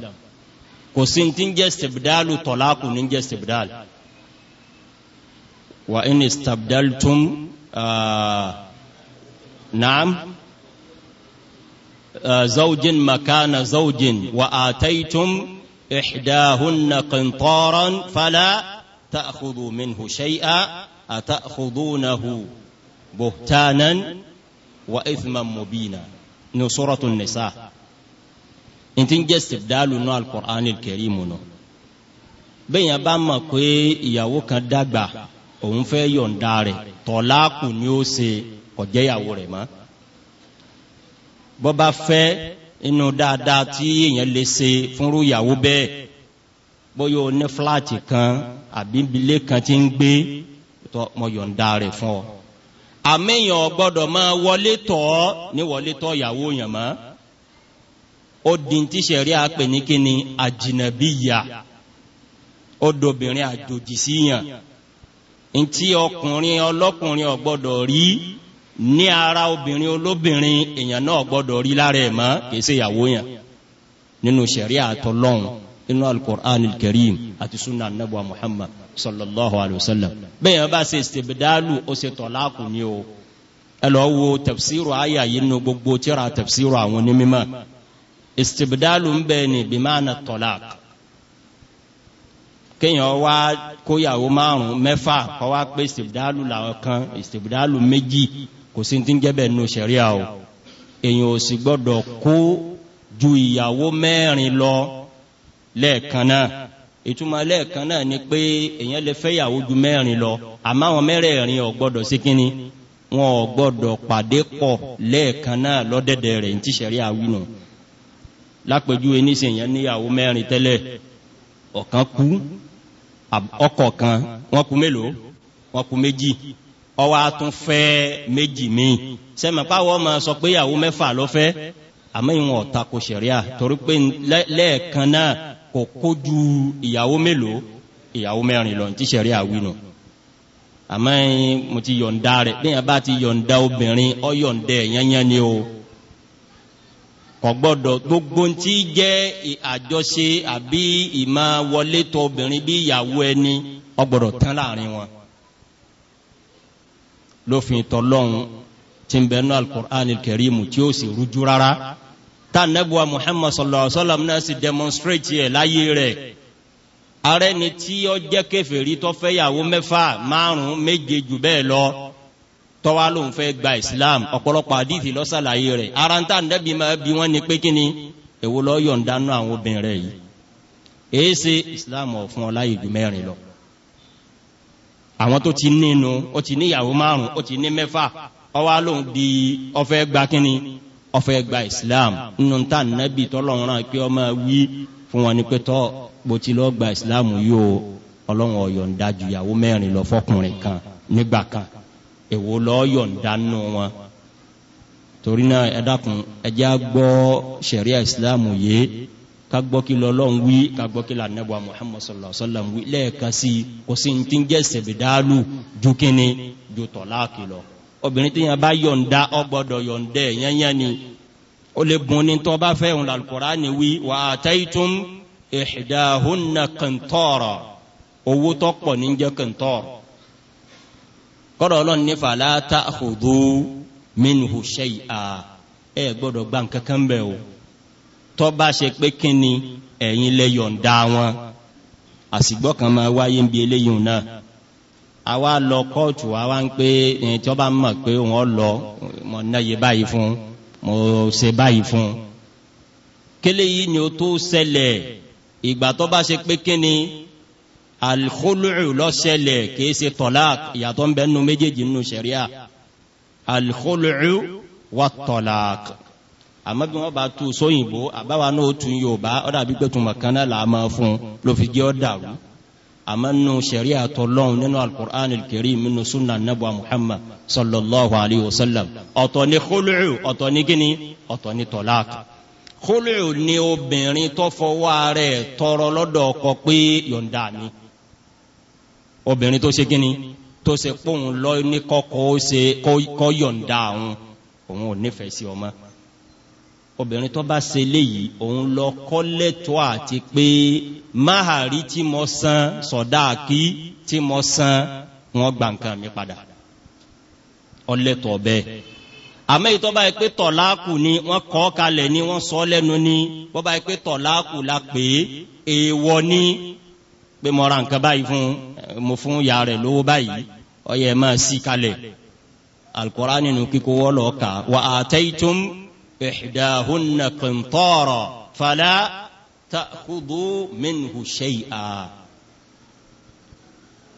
kò sí ti ń jẹ́ ìsìtẹ̀bìdálù tọ́láàkù ní jẹ́ ìsìtẹ̀bìdálù wa in istabdaltum uh, naam zawjin makana zawjin wa ataitum إحداهن قنطارا فلا تأخذوا منه شيئا أتأخذونه بهتانا وإثما مبينا نصرة النساء إن تنجي استبدال القرآن الكريم نو bẹ́ẹ̀ yẹn bá mọ̀ pé ìyàwó kan dàgbà òun fẹ́ yọ̀ǹda rẹ̀ ni ó ṣe kọ̀jẹ́yàwó rẹ̀ mọ́ bọ́ bá inú dáadáa tí èèyàn lè ṣe fúnrú ìyàwó bẹ́ẹ̀ bóyá o ní fúláàtì kan àbí ilé kan ti ń gbé tó mọ yọ̀ǹda rẹ̀ fún ọ. àmẹ́yàn gbọ́dọ̀ máa wọlé tọ̀ ọ́ ní wọlé tọ̀ ìyàwó yàn mọ́. ó di ti sẹ̀rí àpè ní kíni àjìnàbí ó dobìnrin àjòjì sí ntí ọkùnrin ọlọ́kùnrin ọ̀gbọ́dọ̀ rí ní ara obìnrin olóbìnrin èèyàn náà gbọ́dọ̀ rí lára ẹ̀ mọ́ kìí ṣe ìyàwó yàn nínú sẹ̀rí àtọ́lọ́hún nínú alukur'an karim àti sunnah anabu muhammad sallallahu alayhi wa sallam bẹ́ẹ̀ yẹn bá ṣe istibdalu ó ṣe tọ́láàkù ni o ẹ lọ wo tafsiru àyà yìí nínú gbogbo tíra tafsiru àwọn onímọ̀ istibdalu ń bẹ́ẹ̀ ni bimaana tọ́láàkù kéèyàn wá kóyàwó márùn mẹ́fà kọ́ wá pé istibdalu làwọn kan istibdalu méjì kò sí ti ń jẹ́ bẹ́ẹ̀ nù sẹ̀ríà o èyàn ò sì gbọ́dọ̀ kó ju ìyàwó mẹ́rin lọ lẹ́ẹ̀kan náà ìtumọ̀ lẹ́ẹ̀kan náà ni pé èyàn lè fẹ́ ìyàwó ju mẹ́rin lọ àmọ́ àwọn mẹ́rẹ̀ẹ̀rin ò gbọ́dọ̀ sí kínní wọn ò gbọ́dọ̀ pàdé pọ̀ lẹ́ẹ̀kan náà lọ́dẹ̀dẹ̀ rẹ̀ ní ti sẹ̀ríà wí nù lápèjúwe nísìnyí èyàn níyàwó mẹ́rin tẹ́lẹ̀ ọ̀kan kú ọkọ̀ kan wọ́n kú mélòó wọ́n kú méjì ọwọ́ atún fẹ́ méjì míì sẹ́mẹ̀páwọ́ ma sọ pé ìyàwó mẹ́fà lọ́fẹ́ àmọ́ ìwọ̀n ọ̀ta kò ṣẹ̀ríà torí pé lẹ́ẹ̀kan náà kò kójú ìyàwó mélòó ìyàwó mẹ́rin lọ tí ṣẹ̀ríà wínú àmọ́ mo ti yọ̀ǹda rẹ̀ bí yẹn bá ti yọ̀ǹda obìnrin ọ yọ̀ǹda ẹ̀yányán ni o kò gbọ́dọ̀ gbogbo tí jẹ́ àjọṣe àbí ìmọ̀ wọlé tọ obìnrin bí ìyàwó ẹni ọ gbọ́dọ̀ tán láàrin wọn lófin tọlọ́hún tí ń bẹ nú alukur'an kẹrìmù tí ó sì rújú rárá tá nẹ́bùwà muhammad sallallahu alayhi wa sallam náà sì demonstrate yẹ láyé rẹ̀ ààrẹ ni tí ó jẹ́ kẹfẹ́rí tó fẹ́ yàwó mẹ́fà márùn-ún méje jù bẹ́ẹ̀ lọ tọ́wá ló ń fẹ́ gba islam ọ̀pọ̀lọpọ̀ àdìsí lọ́sàlàyé rẹ̀ ara ń tà nẹ́bí máa bí wọ́n ni pé kí ni èwo lọ́ọ́ yọ̀ǹda nú àwọn obìnrin rẹ̀ yìí èé ṣe islam ọ̀ fún ọ láyé ju mẹ́rin lọ àwọn tó ti nínú ó ti níyàwó márùn ó ti ní mẹ́fà ọwá lòun di ọfẹ́ gba kínní ọfẹ́ gba islam nínú tá nàbì tọ́lọ́run náà pé ọmọ wí fún wọn ni pé tọ́ bó ti lọ́ọ́ gba islam yóò ọlọ́run ọ̀yọ̀ǹda ju ìyàwó mẹ́rin lọ fọkùnrin kan nígbà kan èwo lọ́ọ́ yọ̀ǹda nù wọn torí náà ẹ dákun ẹ já gbọ́ sẹ̀ríà islam yìí kagbọ́kí lọ́lọ́run wí kagbọ́kí lànẹ́bà muhammad sallallahu alaihi wasallam wí lẹ́ẹ̀kan sí kò sí ní tí ń jẹ́ sẹ̀bẹ̀dálù ju kíni ju tọ̀láàkì lọ obìnrin tí yẹn bá yọ̀ǹda ọgbọ́dọ̀ yọ̀ǹda yẹnyẹn ni ó lè bùn ní tó bá fẹ́ òun làlùkọ́rá ni wí wà á tẹ́yìtún ìḥìdáhùn na kàntọ́ọ̀rọ̀ owó tó pọ̀ ní jẹ́ kàntọ́ọ̀rọ̀ kọ́dọ̀ ọlọ́run ní fàlátà àkùdú mínú ṣẹ́yà ẹ gbọ́dọ̀ gbà nǹkan kan bẹ́ẹ̀ o tó bá ṣe pé kí ni ẹ̀yin lè yọ̀ǹda wọn àsìgbọ́ kan máa wáyé ń bi eléyìí náà àwa lọ kóòtù àwa ń pé ẹ̀yìn tí wọ́n bá mọ̀ pé wọ́n lọ mọ̀ náyè báyìí fún mo ṣe báyìí fún kélé yìí ni ó tó ṣẹlẹ̀ ìgbà tó bá ṣe pé kí ni alkhulu'u ló ṣẹlẹ̀ kìí ṣe tọ́lák ìyàtọ̀ ń bẹ nínú méjèèjì nínú ṣẹ̀ríà alkhulu'u wa tọ́lák àmọ́ bí wọ́n bá tu sóyìnbó àbáwa náà tún yorùbá ọ̀dà gbígbé tún mọ̀kánná là á máa fún un ló fi jẹ́ ọ̀dà wù àmọ́ nù sẹ̀rí àtọ̀lọ́hún nínú alukur'an kẹrìm nínú sunna nabuwa muhammad sallallahu alayhi wa sallam ọ̀tọ̀ ni kólùú ọ̀tọ̀ ni gíní ọ̀tọ̀ ni tọ́lák kólùú ni obìnrin tó fọwọ́ rẹ̀ tọrọ lọ́dọ̀ ọkọ pé yọ̀ǹda mi obìnrin tó ṣe gíní tó ṣe pòun lọ ní kọ́kọ́ ṣe kọ́ yọ̀ǹda òun òun ò nífẹ̀ẹ́ sí ọmọ obìnrin tó bá ṣe léyìí òun lọ kọ́lẹ́tọ́ àti pé máhàrí tí mo san sọ̀dáàkì tí mo san wọn gba nǹkan mi padà ọlẹ́tọ̀ bẹ́ẹ̀ àmọ́ èyí tó bá yẹ pé tọ̀láàkù ni wọ́n kọ́ kalẹ̀ ni wọ́n sọ lẹ́nu ni wọ́n bá yẹ pé tọ̀láàkù la pè é èèwọ̀ ni pé mo ra nǹkan báyìí fún mo fún ìyá rẹ̀ lówó báyìí ọyẹ máa sí kalẹ̀ alukoraani nu kíkó wọ́lọ̀ wà á tẹ́yìí tó ń. إحداهن قنطارا فلا تأخذوا منه شيئا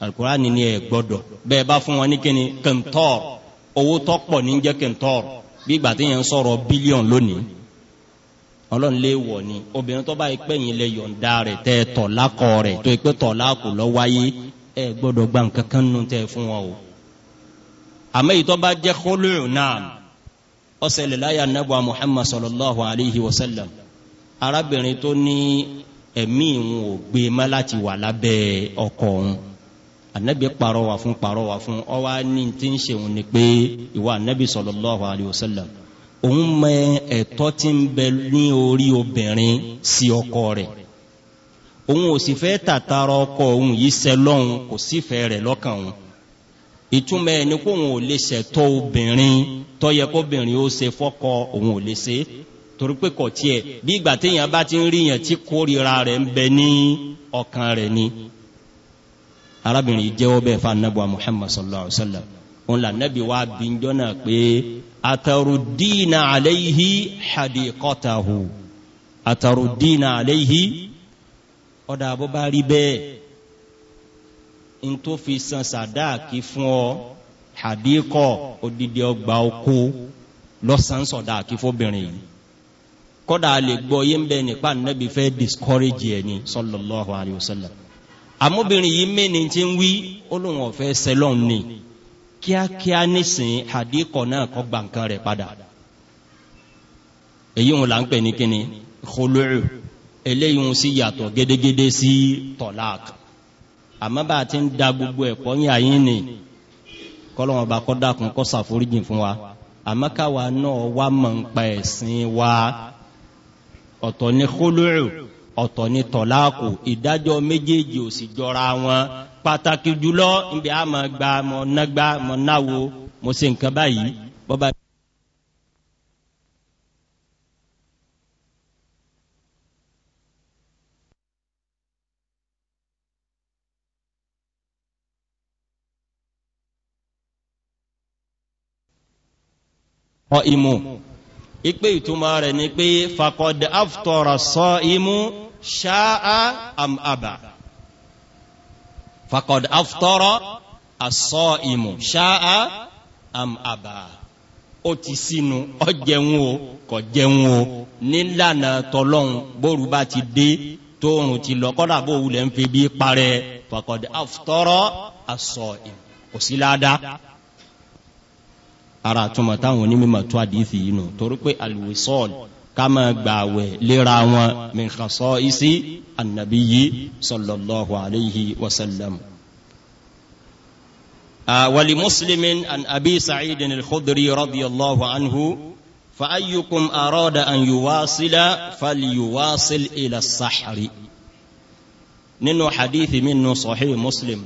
القرآن ni ẹ gbọ́dọ̀ bẹ́ẹ̀ bá fún wọn ní kíni kìntọ́r owó tọ́pọ̀ ní jẹ́ kìntọ́r bí ìgbà tí yẹn ń sọ̀rọ̀ bílíọ̀n lónìí ọlọ́run lè wọ̀ ni obìnrin tó bá yẹ pé yín lè yọ̀ǹda rẹ̀ tẹ́ tọ̀lákọ̀ rẹ̀ tó yẹ pé tọ̀lákù lọ wáyé ẹ gbọ́dọ̀ gba nǹkan kan nù tẹ́ fún wọn o àmọ́ èyí tó bá jẹ́ kólóòrùn náà ọsẹlẹ̀ láyà nẹ́bà muhammad sallallahu alayhi wa sallam arábìnrin tó ní ẹ̀mí ìwọ̀n ò gbé má láti wà lábẹ́ ọkọ̀ òun ànábì parọ́wà fún parọ́wà fún ọwá ní tí ń ṣe òun ni pé ìwà ànábì sallallahu alayhi wa sallam òun mọ ẹ̀tọ́ tí ń bẹ ní orí obìnrin sí ọkọ rẹ̀ òun ò sì fẹ́ tàtàrọ ọkọ òun yìí sẹlọ́hun kò sífẹ́ rẹ̀ lọ́kàn òun ìtumọ̀ ẹni kó òun ò lè ṣẹ̀tọ́ obìnrin tó yẹ kóbìnrin ó ṣe fọ́kọ òun ò lè ṣe torí pé kò bí ìgbà téèyàn bá ti ń rí yẹn tí rẹ̀ ń bẹ ní ọkàn rẹ̀ ni arábìnrin jẹ́wọ́ bẹ́ẹ̀ wa sallam òun atarudina atarudina ọ̀dà n tó fi san sàdáàkì fún ọ àdíkọ odidi ọgbà oko lọ́sàn-án sọ̀dáàkì fóbìnrin yìí kọ́dà lè gbọ́ yé ń bẹ nípa nẹ́bí fẹ́ discourage ẹ̀ ní sallallahu alayhi wa sallam àmóbìnrin yìí mẹ́ni tí ń wí olóhùn ọ̀fẹ́ sẹlọ́n ni kíákíá nísìn àdíkọ̀ náà kọ́ gba nǹkan rẹ̀ padà èyí wọn là ń pè ní kíni khulu'u eléyìí wọn sì yàtọ̀ gédégédé sí tọ́láàkì àmọ́ bá a ti ń da gbogbo ẹ̀kọ́ yín àyín ni kọ́lọ́wọ́n bá kọ́ dákun kọ́ ṣàforíjì fún wa àmọ́ káwa náà wá mọ̀ ń pa ẹ̀sìn wa ọ̀tọ̀ ni kólóòrò ọ̀tọ̀ ni tọ̀láàkù ìdájọ́ méjèèjì ò sì jọra wọn pàtàkì jùlọ níbi àmọ́ gba mọ̀ nágbá mọ̀ náwo mo ṣe nǹkan báyìí bọ́ba. ọ imú ipé ìtumọ̀ rẹ̀ ni pé fakọ̀dé aftọ̀rọ̀ sọ imú ṣáà am àbà fakọ̀dé aftọ̀rọ̀ asọ imú ṣáà am àbà ó ti sínú ọ jẹun o kọ̀ jẹun o nílànà tọlọ́hun bóru bá ti dé tóorùn ti lọ kọ́dà bó wulẹ̀ ń fi bí parẹ́ fakọ̀dé aftọ̀rọ̀ asọ imú kò sí ládàá ara àtúmọ̀ táwọn onímọ̀ tó àdìsí yìí nù torí pé alwisal ká máa gbààwẹ̀ léra wọn min khasaisi annabiyyi sallallahu alayhi wa sallam. ولمسلم عن أبي سعيد الخدري رضي الله عنه فأيكم أراد أن يواصل فليواصل إلى السحر ننو حديث منه صحيح مسلم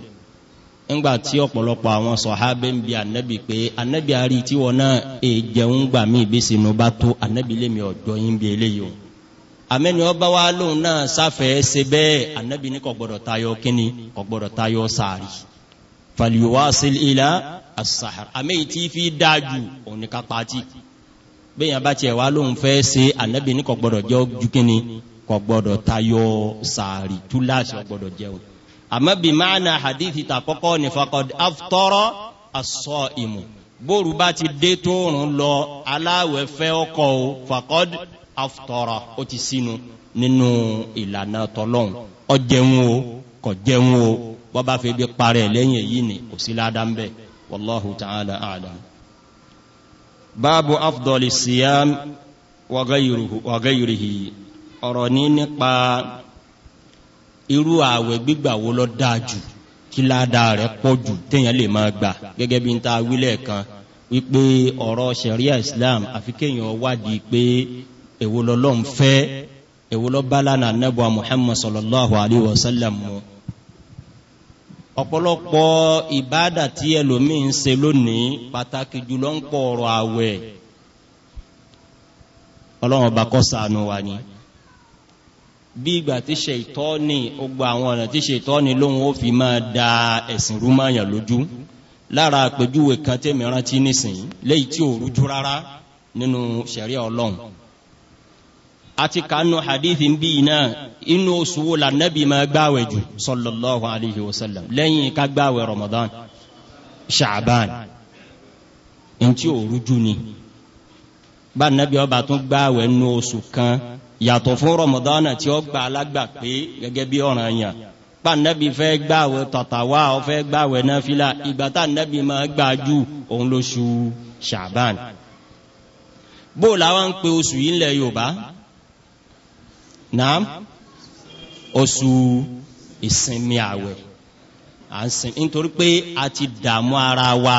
ńgbà tí ọ̀pọ̀lọpọ̀ àwọn sọ̀hábẹ́ ń bi ànẹ́bì pé ànẹ́bì àrí tí wọn náà èjẹun e gbà mí ìbísí inú bá tó ànẹ́bì lèmi ọ̀dọ́ yín bí eléyìí o àmẹ́ni ọba wa lóun náà sáfẹ̀ẹ́ ṣe bẹ́ẹ̀ ànẹ́bì ní kò gbọ́dọ̀ tayọ kínní kò tayọ sàárì fàlùwà sílé ilá àṣàhàr tí fi dáa ju òun ní kápá tí lóun fẹ́ ṣe ànẹ́bì ní kò gbọ́dọ̀ jẹ́ kínní kò gbọ́dọ̀ tayọ sàárì túláàṣì ọgbọ́dọ̀ jẹun àmọ́ bí máa na hadithi ta kọ́kọ́ ní fakọd aftọ́rọ́ asọ ìmù bóòrù bá ti dé tó rùn lọ aláwẹ̀ fẹ́ ọkọ̀ o fakọd aftọ́rọ́ ó ti sínú nínú ìlànà tọ́lọ́hun ọ jẹun o kọ jẹun o wọ́n bá fi bí parẹ́ lẹ́yìn èyí ni kò sí ládá ń bẹ̀ wallahu ta'ala a'lam báàbù afdọ́lì siyam wàgáyìrìhì ọ̀rọ̀ ní nípa irú ààwẹ̀ gbígbà wo lọ dáa jù kí ládàá rẹ̀ pọ̀ jù téèyàn lè máa gbà gẹ́gẹ́ bí n ta wílẹ̀ kan wípé ọ̀rọ̀ sẹ̀ríà islam àfi kéèyàn wádìí pé èwo lọ́lọ́run fẹ́ èwo lọ́ bálànà anábọ̀ muhammad sallallahu alayhi wa sallam mu ọ̀pọ̀lọpọ̀ ìbáàdà tí ẹlòmíín ṣe lónìí pàtàkì jùlọ ń pọ̀ ọ̀rọ̀ ààwẹ̀ ọlọ́run ọba kọ́ sànù wa ni bí ìgbà tí ṣètọ́ni ó gba àwọn ọ̀nà tí ṣètọ́ni lóhun ó fi máa da ẹ̀sìn rúmọ̀yàn lójú lára àpèjúwe kan tẹ́mi rántí nísìnyí léyìí tí ò rújú rárá nínú ṣẹ̀ríà ọlọ́run àti kanu hadithi ń bí iná inú oṣù wo la nẹ́bí máa gbáwẹ̀ jù sallallahu alayhi wa sallam lẹ́yìn ká gbáwẹ̀ ramadan sha'ban ntí ò rújú ni bá nẹ́bí ọba tún gbáwẹ̀ nínú oṣù kan yàtọ̀ fún rọmọdánà tí ó gba alágbà pé gẹ́gẹ́ bí ọ̀ràn yàn pa nẹ́bí fẹ́ gbàwẹ̀ tọ̀tàwá ọ fẹ́ gbàwẹ̀ náfílà ìgbà tá nẹ́bí máa gbà jù òun lóṣù ṣàbán bó làwọn ń pe oṣù yìí ńlẹ̀ yorùbá náà oṣù ìsinmi àwẹ̀ à ń sin nítorí pé a ti dààmú ara wa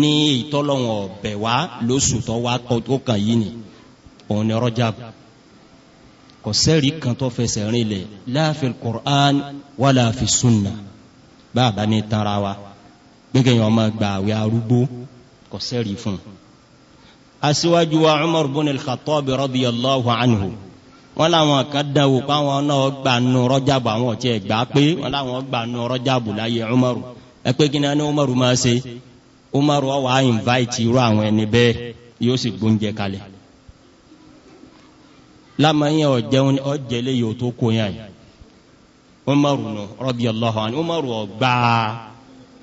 ní ìtọ́lọ́wọ̀n ọ̀bẹ̀ wa lóṣù tó wá tó kàn yìí ni òun ni rọ́jà bù kò sẹ́rí kan tó fẹsẹ̀ rinlẹ̀ la fil Qur'an wala fi sunna bàbá ní tara wa gbẹ́gẹ́ yẹn ọmọ gba àwẹ̀ arúgbó kò sẹ́rí fún un. aṣíwájú wa Umar bin al-Khattab radiyallahu anhu wọn làwọn kan dánwò káwọn náà gbà nù Rajabu àwọn ọ̀tí ẹ̀ gbà pé wọn làwọn gbà nù Rajabu láyé Umaru ẹ pé kíni ẹni Umaru máa ṣe Umaru ọwọ́ à invite irú àwọn ẹni bẹ́ẹ̀ yóò sì gbóúnjẹ kalẹ̀. lámàáyé ọ ọ̀jẹ̀lẹ̀ yóò tó ọ ma yìí umaru nù radiyallahu anhu umaru ọ̀gbà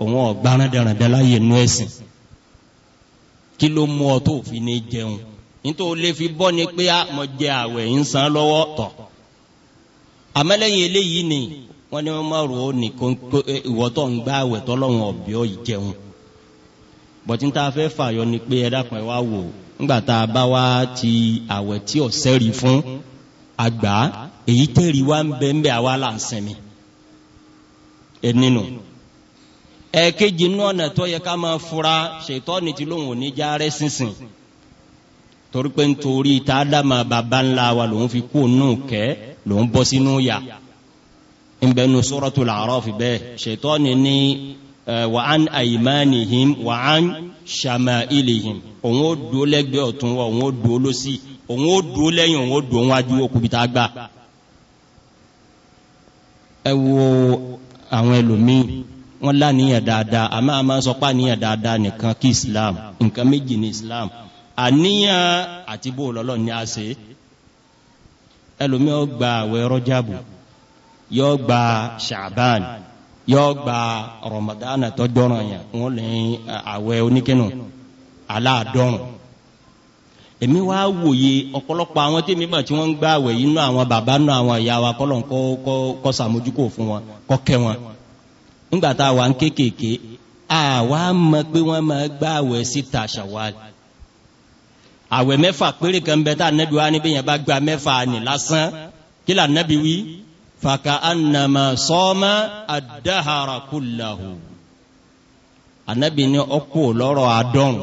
òun ọ̀gbà rẹ̀dẹ̀rẹ̀dẹ̀ láyé inú kí ló mú ọ tó fi ní jẹun nítorí o lè fi bọ́ ni pé ah, eléyìí ni ní umaru eh, ni pé ẹ dákun ẹ wò ńgbàtà bá wá ti àwẹ̀ tí ọ̀sẹ́ rí fún àgbà èyí tẹ́rì wá ń bẹ́ ń bẹ́ àwa là ń sẹ̀mí ẹnìnú tó yẹ ká máa fura ṣètọ́ni tí lóun ò ní já rẹ́ sísìn torí pé nítorí tá a dá máa bàbá ńlá wa lòun fi kú nù kẹ́ lòun bọ́ sínú yà ń bẹ́ẹ̀ nu suratul A'raf bẹ́ẹ̀ ṣètọ́ni ní. Eh, Waan án àìmánihim wà án ṣàmàìlìhim òun ó dúó lẹ́gbẹ́ ọ̀tún wa òun ó dúó lósì òun ó dúó lẹ́yìn òun ó dúó wájú okùnbìtà gbà ẹ wo àwọn ẹlòmíì wọ́n láníyàn dáadáa àmá àmá sọ pá níyàn dáadáa nìkan kí islam nǹkan méjì ní islam àníyàn àti bó lọ́lọ́ ní a ṣe ẹlòmíì ó gba àwẹ̀ rọ́jàbù yóò gba ṣàbáàni yóò gba Ramadana tó dọ́rọ̀ yẹn wọ́n lè àwẹ̀ oníkẹ́nu aláàdọ́rùn èmi wá wòye ọ̀pọ̀lọpọ̀ àwọn tí mímọ̀ tí wọ́n ń gbá àwẹ̀ yìí nú àwọn bàbá nú àwọn ìyá wa kọ́lọ̀ kọ́ sàmójúkò fún wọn kọ́kẹ́ wọn nígbà tá a wà ń kéékèèké àwa mọ̀ pé wọ́n máa gbá àwẹ̀ síta Shawwal àwẹ̀ mẹ́fà péré kan bẹ tá a nẹ́bi wá níbi yẹn bá gba mẹ́fà ní lásán kí là nẹ́bi wí fàkàánàmà sọ́ọ́mà àdáhàrà kúláhù anabi ni ọkọ lọ́rọ̀ àádọ́rùn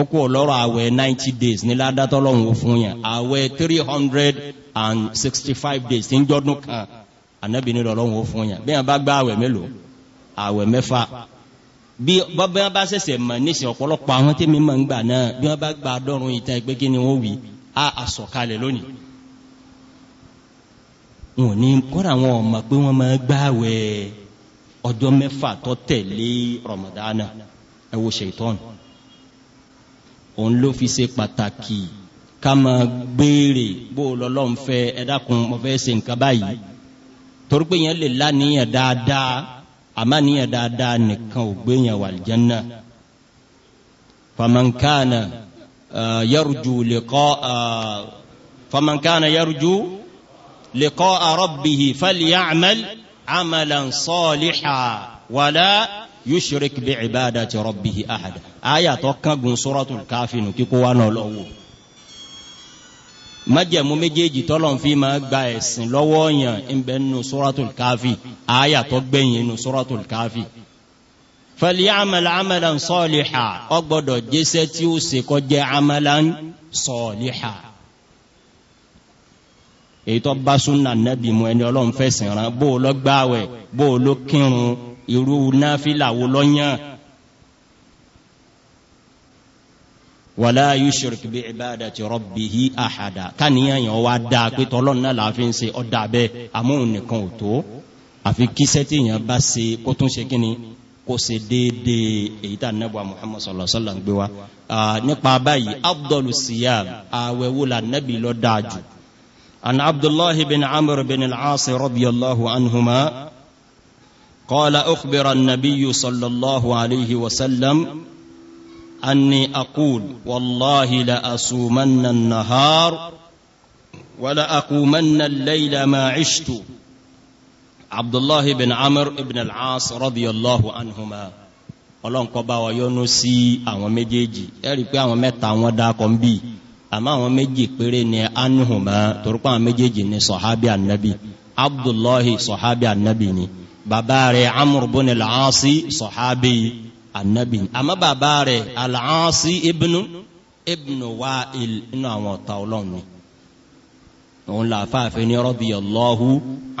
ọkọ lọ́rọ̀ àwẹ̀ 90 days ní ládátọ́lọ́hùn fún yẹn àwẹ̀ 365 days ní jọ́dún kan anabi ni lọ́lọ́hùn fún yẹn bí wọ́n bá gbá àwẹ̀ mélòó àwẹ̀ mẹ́fà bí wọ́n bá sẹ̀sẹ̀ mọ̀ níṣẹ́ ọ̀pọ̀lọpọ̀ àwọn tí mi ń gbà náà bí wọ́n bá gbà àádọ́rùn ìtàn ìgbé ni wọ́n wí á àsọ̀kalẹ̀ lónìí wọn ò ní kọ́ra wọn ọmọ pé wọ́n máa gbààwẹ̀ ọjọ́ mẹ́fà tó tẹ̀lé rọmọdánà ẹ wo ṣètọ́n òun ló fi ṣe pàtàkì ká máa gbére bó lọ́lọ́run fẹ́ ẹ dákun mo fẹ́ ṣe nǹkan báyìí torí pé yẹn lè láníyàn dáadáa àmọ́ níyàn dáadáa nìkan ò gbéyàn wà lìjánná famankana uh, yarju liqa famankana yarju. لقاء ربه فليعمل عملا صالحا ولا يشرك بعبادة ربه أحد آية توقع سورة الكافر كيكوانا لأوه májẹ̀mú méjèèjì tọ́lọ̀n fi máa gba ẹ̀sìn lọ́wọ́ yàn ìbẹ̀ nínú sọ́rọ̀tùl káfí àyà tó gbẹ̀yìn nínú sọ́rọ̀tùl káfí fẹ́lì àmàlà àmàlà sọ́ọ̀lì ọgbọ́dọ̀ jẹ́sẹ́ tí ó se kọjẹ́ àmàlà sọ́ọ̀lì èyí tó bá súnà nẹ́bì mu ẹni ọlọ́run fẹ̀sìn rán bó o lọ gbààwẹ̀ bó o lọ kírun irú náfìlà wo lọ́yàn. wàlá yushrik bi ibadati rabbihi ahada káníyàn yẹn wá dáa pé tọ́lọ́n náà la fi ń ṣe ọ̀dà bẹ́ẹ̀ amóhùn nìkan ò tó àfi kíṣẹ́ tí yẹn bá ṣe kó tún ṣe kíni kó ṣe déédéé èyí tá nẹ́bù muhammad sallallahu alaihi wa sallam gbé wa. nípa báyìí abdul siyam àwẹ̀ la nẹ́bì lọ dáa jù عن عبد الله بن عمرو بن العاص رضي الله عنهما قال أخبر النبي صلى الله عليه وسلم أني أقول والله لأصومن النهار ولأقومن الليل ما عشت عبد الله بن عمرو بن العاص رضي الله عنهما ọlọ́nkọ́ bá wa yọ́nú sí àwọn méjèèjì ẹ̀rí pé àwọn mẹ́ta wọn dákọ̀ ń bíi àmá àwọn méjì péré ni anuhuma torípa àwọn méjèèjì ni sọ̀hábí annabi abdullahi sọ̀hábí annabi ni bàbá rẹ̀ amúrùbún al-aasi sọ̀hábí annabi ni àmá bàbá rẹ̀ al-aasi ibnu ibnu wa'il inú àwọn ọ̀tá ọlọ́run ni òun làfáàfin ní radiyallahu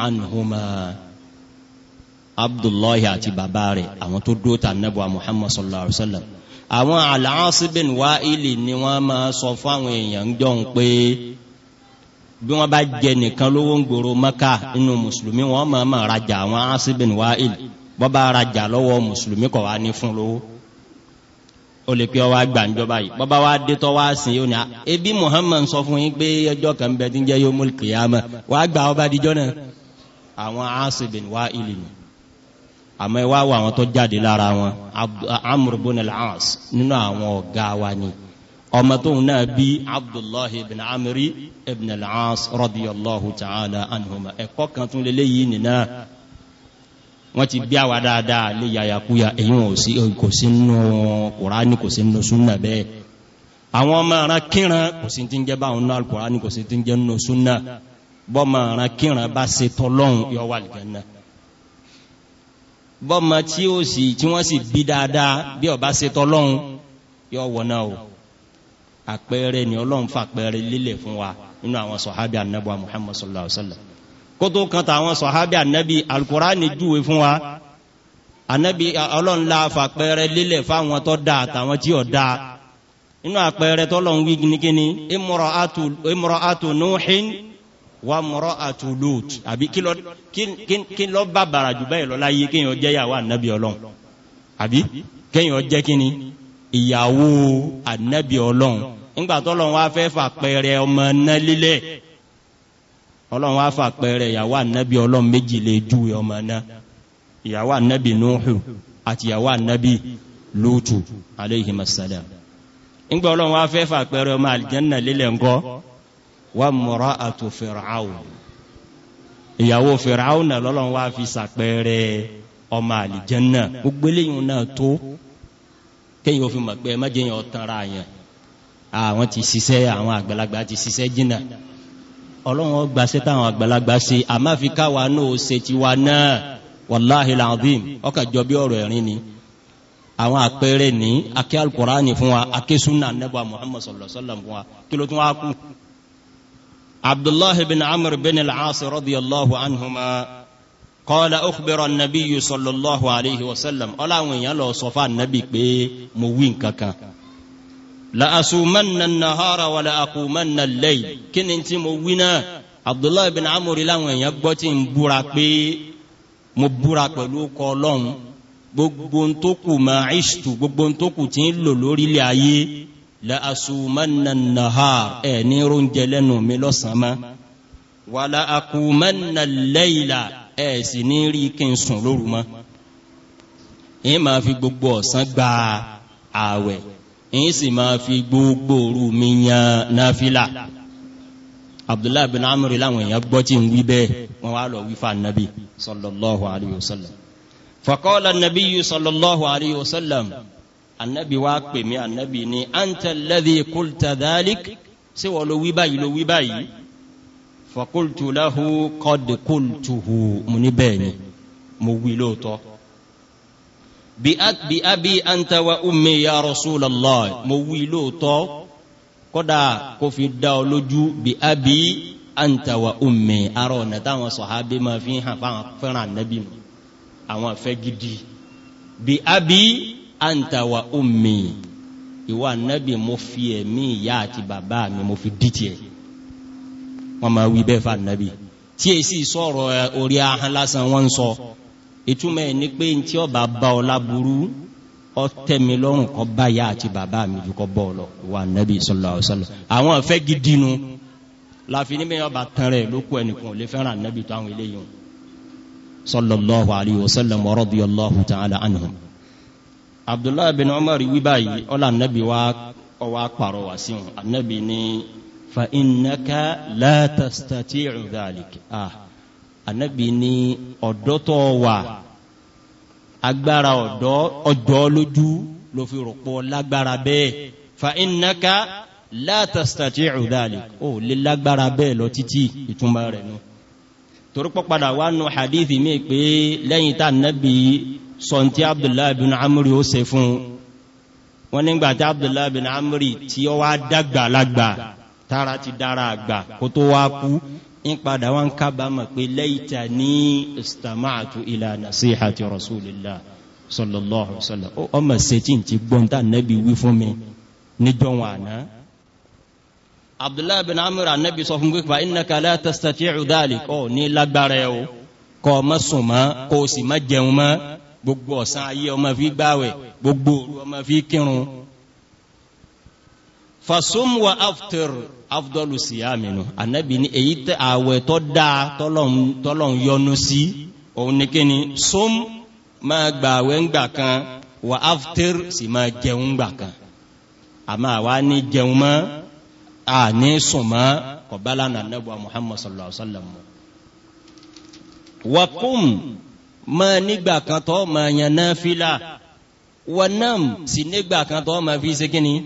anhuma abdullahi àti bàbá rẹ̀ àwọn tó dóta annabi wa muhammad sallallahu alaihi wasallam àwọn àlàásíbìn wáìlì ni wọ́n máa sọ fáwọn èèyàn jọun pé bí wọ́n bá jẹ nìkan lówó ń gbòòrò mọ́ká inú mùsùlùmí wọ́n máa máa rajà àwọn àásíbìn wáìlì bọ́ bá rajà lọ́wọ́ mùsùlùmí kọ̀ wá ní fún lówó o lè pe ọ wá gbàǹjọba yìí bọ́ bá wá dé tọ́ wá sìn yóò ní ebi muhammad sọ fún yín pé ọjọ́ kan bẹ tí ń jẹ́ yóò mú kìyàmá wàá gbà ọba díjọ́ náà àwọn àásíbìn wáìlì nù àmọ́ ẹ wá wà àwọn tó jáde lára wọn amr ibn al-as nínú àwọn ọ̀gá wa ni ọmọ tóun náà bí abdullahi ibn amri ibn al-as radiyallahu ta'ala anhuma ẹ̀kọ́ kan tún lélẹ́ yìí nìna wọ́n ti bí àwa dáadáa lè yàyàkúyà èyí wọn kò sí nínú kùránì kò sí nínú súnà bẹ́ẹ̀ àwọn ọmọ ìran kíran kò sí ti ń jẹ́ báwọn náà kùránì kò sí ti ń jẹ́ nínú súnà bọ́mọ ìran kíran bá ṣe tọ́lọ́hun yọ wà lìgẹ́ náà bọ́mọ tí ó sì tí wọ́n sì bí dáadáa bí ọba ṣe tọ́lọ́hún yọ wọ̀nà o àpẹẹrẹ ni ọlọ́run fàpẹẹrẹ lílẹ̀ fún wa nínú àwọn sọ̀hábì ànábì wa muhammad sallallahu alayhi wa sallam kótó kan tà àwọn sọ̀hábì ànábì alukurani júwe fún wa ànábì ọlọ́run la fàpẹẹrẹ lílẹ̀ fáwọn tó da àtàwọn tí ò da nínú àpẹẹrẹ tọ́lọ́run wí gínígíní imra'atu nuhin wa mra'atu Lut àbí kin, lọ kin, bàrà jù báyìí lọ láyé kéèyàn jẹ́ kin ànábì ọlọ́run àbí kéèyàn jẹ́ kíni ìyàwó ànábì ọlọ́run nígbà tó ọlọ́run wá fẹ́ fàpẹẹrẹ ọmọ náà lílẹ̀ ọlọ́run wá fàpẹẹrẹ ìyàwó ànábì ọlọ́run méjì lè ju ọmọ náà ìyàwó ànábì Nuhu àti ìyàwó ànábì Lutu alayhimassalam nígbà ọlọ́run wá fẹ́ fàpẹẹrẹ ọmọ àlìjẹ́nà lílẹ̀ ńkọ́ wa mura'atu Fir'aun ìyàwó Fir'aun náà lọ́lọ́run wá fi sàpẹẹrẹ ọmọ àlìjẹ́nà gbogbo eléyìí náà tó kéyìn òfin mọ̀ pé ẹ má jẹ́ yẹn ọ̀tanra yẹn àwọn ti ṣiṣẹ́ àwọn àgbàlagbà ti ṣiṣẹ́ jìnnà ọlọ́run ọgbà ṣe táwọn àgbàlagbà ṣe àmáfi káwa náà ó ṣe tiwa náà wàláhi làdìm ọkà jọ bí ọ̀rọ̀ ẹ̀rín ni àwọn àpẹẹrẹ ní akẹ́ alukurani fún wa akẹ́ sunna anabu muhammad sallallahu alaihi wa sallam fún wa kí ló tún wá kú عبد الله بن عمرو بن العاص رضي الله عنهما قال أخبر النبي صلى الله عليه وسلم ألا وين يلو صفا النبي بي موين كاكا لأصومن النهار ولا أقومن الليل كن انت موينا عبد الله بن عمرو لا وين يبوتي مبورا بي مبورا بلو قولون gbogbo ntoku ma ishtu gbogbo ntoku ti ń lò lórílẹ̀ لأصومن النهار إيه نيرون جلنو ملوسما ولا أقومن الليل إيه سنيري كنسون لورما إيه ما في بقبو سنبا آوي إيه سي ما في بقبو روميا نافلة abdullahi bin amri láwọn èèyàn gbọ́ tí ń wí bẹ́ẹ̀ wọ́n wá lọ wífà nabi sallallahu alayhi wa sallam fakọ́lá nabi sallallahu alayhi wa sallam anabi wa pè mí anabi ni anta alladhi qulta dhalik ṣé wọ́n lo wí báyìí lo wí báyìí fakultu lahu qad qultuhu mo ní bẹ́ẹ̀ ni mo wí lóòótọ́ bi abi anta wa ummi ya rasulallah mo wí lóòótọ́ kódà kó fi dá ọ lójú bi abi anta wa ummi ara ọ̀nà táwọn sọ̀hábí máa fi hàn fáwọn fẹ́ràn anabi àwọn afẹ́ gidi bi abi anta wa ummi ìwà nábì mo fi ẹ̀mí ìyá àti bàbá mi mo fi dìtì ẹ̀ wọ́n máa wí bẹ́ẹ̀ fà nábì tí è sì sọ̀rọ̀ eh, orí ahọ́n lásán wọ́n ń sọ ìtumọ̀ ẹ̀ ni pé tí ọba bá ọ láburú ọ tẹ́mi lọ́rùn kọ́ bá ìyá àti bàbá mi ju kọ́ bọ́ ọ lọ ìwà nábì sallallahu alaihi wasallam àwọn ọ̀fẹ́ gidi nu láfi níbẹ̀ yọ bá tán rẹ̀ lókù ẹnìkan ò lè fẹ́ràn nábì tó àwọn eléyìí sallallahu alaihi wasallam wa radiyallahu ta'ala anhum abdullahi bin umar wíbá yìí ọlá anabi wa ọwá pàrọ̀ wá sí wọn anabi ní fa innaka la tastati'u dhalik ah anabi ní ọ̀dọ́ tó wà agbára ọ̀dọ́ ọjọ́ lójú ló fi rọ̀pọ̀ lágbára bẹ́ẹ̀ fa innaka la tastati'u dhalik ó lè lágbára bẹ́ẹ̀ lọ títí ìtumọ̀ rẹ̀ nù torípọ̀ padà wá nù hadithi mi pé lẹ́yìn tá anabi sọ̀ntí abdullahi bin amri ó se fún wọn nígbà tí abdullahi bin amri tí ó wá dàgbà lágbà tára ti dára àgbà kó tó wá kú ń padà wọn kábàámọ̀ pé lẹ́yìntà ní istamatu ìlànà sí àti rasulillah sallallahu alaihi wasallam ọmọ sẹ́tì ti gbọ́n tá nẹ́bi wí fún mi níjọ́ wọn àná abdullahi bin amr anabi sọ fún pé fa iná kalẹ́ tẹ́sítẹ́tì ẹ̀dálì kọ́ ní lágbára ẹ̀ o kọ́ ọ ma sùn mọ́ kó o sì ma jẹun mọ́ gbogbo ọ̀sán ayé ọmọ fi gbáwẹ̀ gbogbo òru ọmọ fi kírun fasum wa after afdolu siyami nu anabi ni èyí tẹ àwẹ̀ tó dáa tọ́lọ́n yọnu sí òun ni kíni sum máa gbà àwẹ̀ kan wa after sì máa jẹun ńgbà kan àmọ́ àwa ní jẹun mọ́ a ní sùn mọ́ kọ̀bálà nà nàbọ̀ muhammad sallallahu alaihi wa sallam wa kum mọ nígbà kan tó mọ yan náfìlà wọn náà sì nígbà kan tó mọ fi ṣe kíni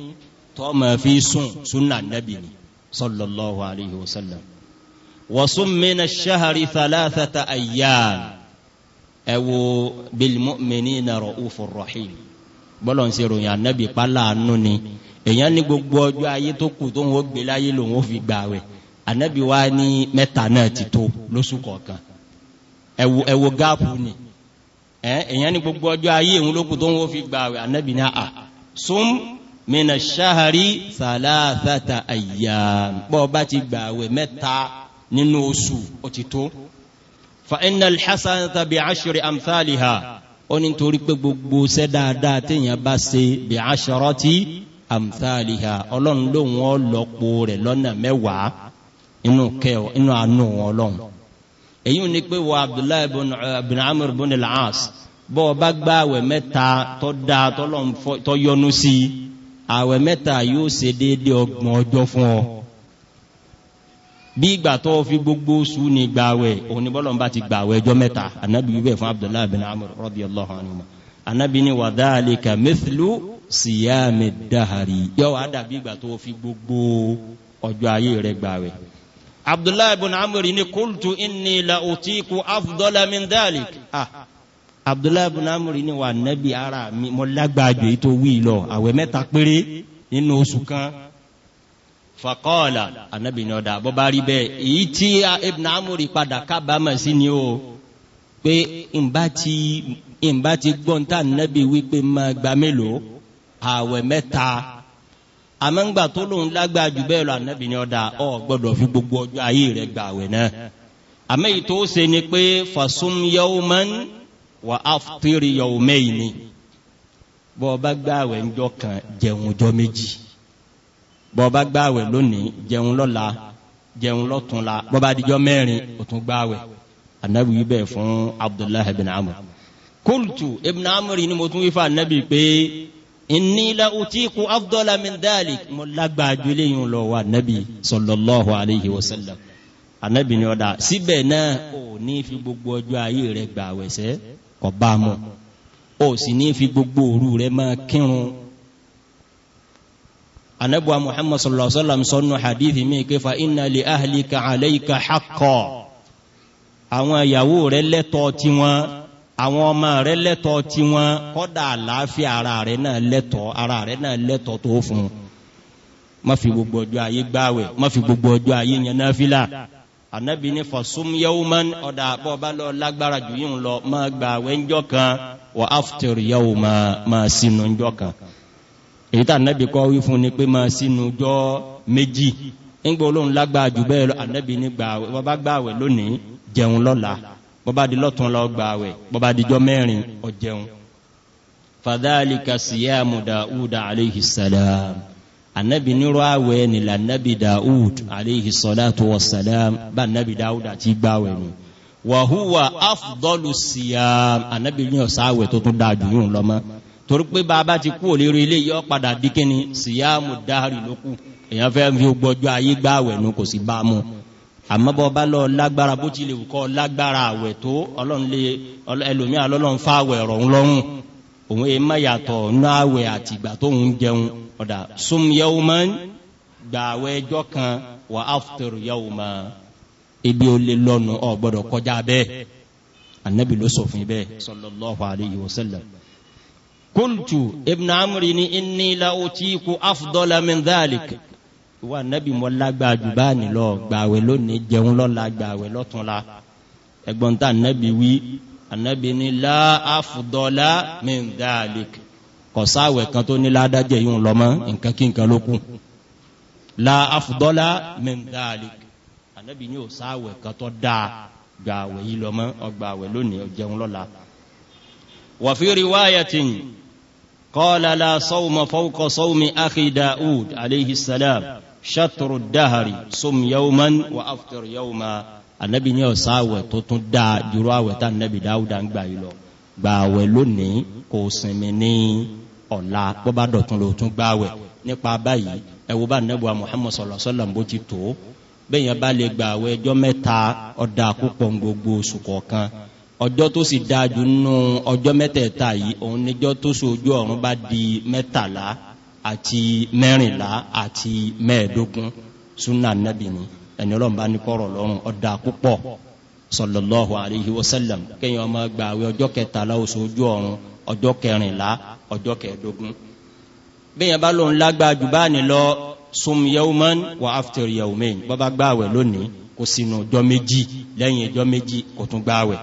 tó mọ fi sùn sunna nabi ni sallallahu alayhi wa sallam wasun mina shahari thalathata ayyam ẹ wo bilmu'minina ra'ufur rahim bọ́lọ̀ ń ṣe ròyìn ànábì pálá àánú ni èèyàn ní gbogbo ọjọ́ ayé tó kù tó ń wọ́n gbé láyé lòun ó fi gbà wẹ̀ ànábì ní mẹ́ta náà ti tó lóṣù kọ̀ọ̀kan ẹ̀wò ẹ̀wò gáàpù ni èyàn ní gbogbo ọjọ́ ayé ìhun lókù tó ń wó fi gba àwẹ̀ ànábì ní àà sum mina ṣahari sàlátàtà àyà bọ́ bá ti gba àwẹ̀ mẹ́ta nínú oṣù ó ti tó fa iná hasan tàbí aṣírí amthaliha ó ní torí pé gbogbo ṣẹ́ dáadáa téèyàn bá ṣe bí aṣọ́rọ́ ti amthaliha ọlọ́run lóun ọ lọ́pọ̀ rẹ̀ lọ́nà mẹ́wàá inú kẹ́ inú àánú ọlọ́run èyí ni pé wọ abdullahi bin eh, amr bin al-as bọ́ ọ bá gba àwẹ̀ mẹ́ta tó da tó yọnu sí i àwẹ̀ mẹ́ta yóò ṣe déédéé ọgbọ̀n ọjọ́ fún ọ bí ìgbà tó fi gbogbo oṣù ní gbàwẹ̀ òun ni bọ́lọ̀ bá ti gbàwẹ̀ mẹ́ta anabi wíwẹ̀ fún abdullahi bin amr radiyallahu anhu anabi ni wa dhalika mithlu siyami dahari yọ wàá dàbí ìgbà tó fi gbogbo ọjọ́ ayé rẹ̀ gbàwẹ̀ abdullahi ibn amr ni kultu inni la utiku afdola min dalik ah abdullahi ibn amr ni wa nabi ara mi mo lagbajo ito wi lo awe mẹta péré nínú oṣù kan fakọọla anabi ni ọdà bọba rí bẹẹ èyí tí ibn amr padà kábàámà sí ni o pé nba ti nba ti gbọ́ntà nabi wípé máa gba mélòó àwẹ̀ mẹ́ta àmọ́ngbà tó lóun lágbàá jù bẹ́ẹ̀ lọ ànábì ni ọ̀dà ọ̀ gbọ́dọ̀ fi gbogbo ọjọ́ ayé rẹ̀ gbà wẹ̀ náà àmọ́ èyí ṣe ni pé fasum yawman wa aftiri yawmayni bọ́ ọ bá gbààwẹ̀ ńjọ́ kan jẹun ọjọ́ méjì bọ́ ọ bá gbààwẹ̀ lónìí jẹun lọ́la jẹun lọ́túnla bọ́ bá dijọ́ mẹ́rin ó tún gbààwẹ̀ ànábì yìí bẹ́ẹ̀ fún abdullahi ibn amr kultu ibn amr ni mo tún wí fún ànábì pé inni la utiku afdọ́lá min dhalik mo lágbàájú léyìn lọ wa nabi sallallahu alayhi wa sallam anabi ni ọ̀dà síbẹ̀ náà ò ní fi gbogbo ọjọ́ ayé rẹ̀ gbà wẹ̀sẹ̀ kọ bá mọ̀ ò sì ní fi gbogbo òru rẹ̀ máa kírun anabuwa muhammad sallallahu alayhi wa sallam sọnù hadithi mi ké fa inna li ahlika alayka haqqan àwọn ìyàwó rẹ̀ lẹ́tọ̀ọ́ tiwọn àwọn ọmọ rẹ lẹ́tọ̀ tí wọ́n kọ́dà àlàáfíà ara rẹ náà lẹ́tọ̀ ara rẹ náà lẹ́tọ̀ tó fún un má fi gbogbo ọjọ́ ayé gbáwẹ̀ má fi gbogbo ọjọ́ ayé yẹn náà fílà anabi ni fasum yawman ọ̀dà àbọ̀bá lọ lágbára jù yìí lọ má gbàwẹ̀ ńjọ́ kan wà aftir yawma má sínú ńjọ́ kan èyí tá anabi kọ́ wí fún ni pé má sínú jọ́ méjì ńgbọ́ lóun lágbára jù bẹ́ẹ̀ lọ anabi ni gbàwẹ̀ bàbá gbàwẹ̀ lónìí jẹun lọ́la bọ́bá di lọ́tún lọ gbà wẹ̀ bọ́bá dijọ́ mẹ́rin ọ̀jẹun fadhalika siyamu daud alayhi salam anabi nírọ̀ àwẹ̀ nílà anabi daud alayhi salatu wa salam bá anabi daud àti gbà wẹ̀ ni wàhúwà afdọ́lù siyam anabi ní ọ̀sá àwẹ̀ tó tún dáa jù yóò lọ́mọ́ torí pé bàbá ti kú òlérí ilé yọ padà di siyamu dahari lókù èèyàn fẹ́ fi gbọ́jọ́ ayé gbà wẹ̀ nu kò sí bá a mú àmọ́bọ̀ bá lọ lágbára bó ti lè kọ́ lágbára àwẹ̀ tó ẹlòmí alọ́lọ́n fa àwẹ̀ rọ̀un lọ́rùn òun èémá yàtọ̀ ní àwẹ̀ àti ìgbà tó ń jẹun ọ̀dà sum yawman gbà àwẹ̀ ẹjọ́ kan wà aftir yawman ebi ó lè lọ́nu ọ̀ gbọ́dọ̀ kọjá bẹ́ẹ̀ annabi ló sọ bẹ́ẹ̀ sallallahu alayhi wa sallam kultu ibn amri ni inni la utiku afdala min dhalik ìwà nẹ́bí mọ́ lágbà jù bá nílọ gbàwẹ̀ lónìí jẹun lọ́la gbàwẹ̀ lọ́túnla ẹgbọ́n tá nẹ́bí wí ànẹ́bí ní láàfùdọ́lá mẹ́ndàlík kọ̀sáwẹ̀ kan tó ní ládájẹ̀ yìí ń lọ mọ́ nǹkan kí nǹkan ló kù láàfùdọ́lá mẹ́ndàlík ànẹ́bí ní òsáwẹ̀ kan tó dáa gbàwẹ̀ yìí lọ mọ́ ọgbàwẹ̀ lónìí jẹun lọ́la wàfí riwayatin قال لا فوق صوم أخي داود عليه السلام ṣàtòrò dáhàrí sóm yauman wa aftar yauma anabi ní ọ̀sá àwẹ̀ tó tún dá dúró àwẹ̀ tá anabi dáúdà ń gbà yìí lọ gbà àwẹ̀ lónìí kò sinmi ní ọ̀la bó bá dọ̀tún ló tún gbà àwẹ̀ nípa báyìí ẹ̀wò bá anabi wa muhammad sallallahu alaihi wa bó ti tó bẹ́ẹ̀ yẹn bá lè gbà àwẹ̀ ẹjọ́ mẹ́ta ọ̀dà púpọ̀ gbogbo oṣù kọ̀ọ̀kan ọjọ́ tó sì dáa jù nínú ọjọ́ mẹ́tẹ̀ẹ̀ta yìí òun níjọ́ tó sojú ọ̀run bá di mẹ́tàlá àti mẹ́rìnlá àti mẹ́ẹ̀dógún súnà nẹ́bì ni ẹni ọlọ́run bá ní kọ́rọ̀ lọ́rùn ọ̀dà púpọ̀ sallallahu alayhi wa sallam kéèyàn ọmọ gba àwẹ̀ ọjọ́ kẹtàlá oṣù ojú ọ̀run ọjọ́ kẹrìnlá ọjọ́ kẹẹ̀dógún bẹ́yẹn bá lóun lágbá jù bá ní lọ sum yawman wa aftir yawmain bọ́bá gba àwẹ̀ lónìí kò sínú ọjọ́ méjì lẹ́yìn ọjọ́ méjì kò tún gba àwẹ̀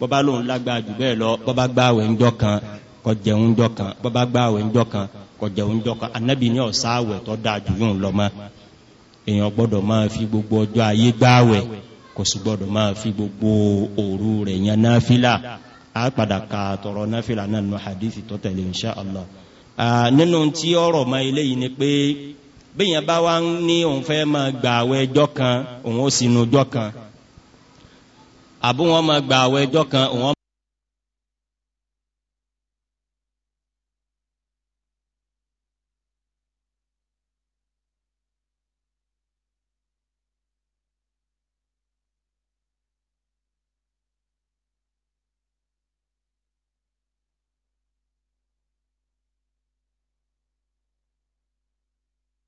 bọ́bá lóun lágbá jù bẹ́ẹ̀ lọ bọ́bá gba àwẹ̀ ńjọ́ kan kó jẹun ńjọ́ kan bọ́bá gba àwẹ̀ ńjọ́ kan kọjá oúnjọ kan anabi ní ọ̀sá àwẹ̀ tó dáa jù yóò lọ mọ́ èèyàn gbọ́dọ̀ máa fi gbogbo ọjọ́ ayé gbáwẹ̀ kò sì gbọ́dọ̀ máa fi gbogbo òru rẹ̀ yan náfìlà á padà ka tọrọ náfìlà náà nù hadith tó tẹ̀lé insha allah nínú tí ọ̀rọ̀ mọ eléyìí ni pé bẹ́yẹn bá wá ń ní òun fẹ́ máa gbà àwẹ̀ ẹjọ́ kan òun ó sinú ọjọ́ kan àbúwọn máa gbà àwẹ̀ ẹjọ́ kan òun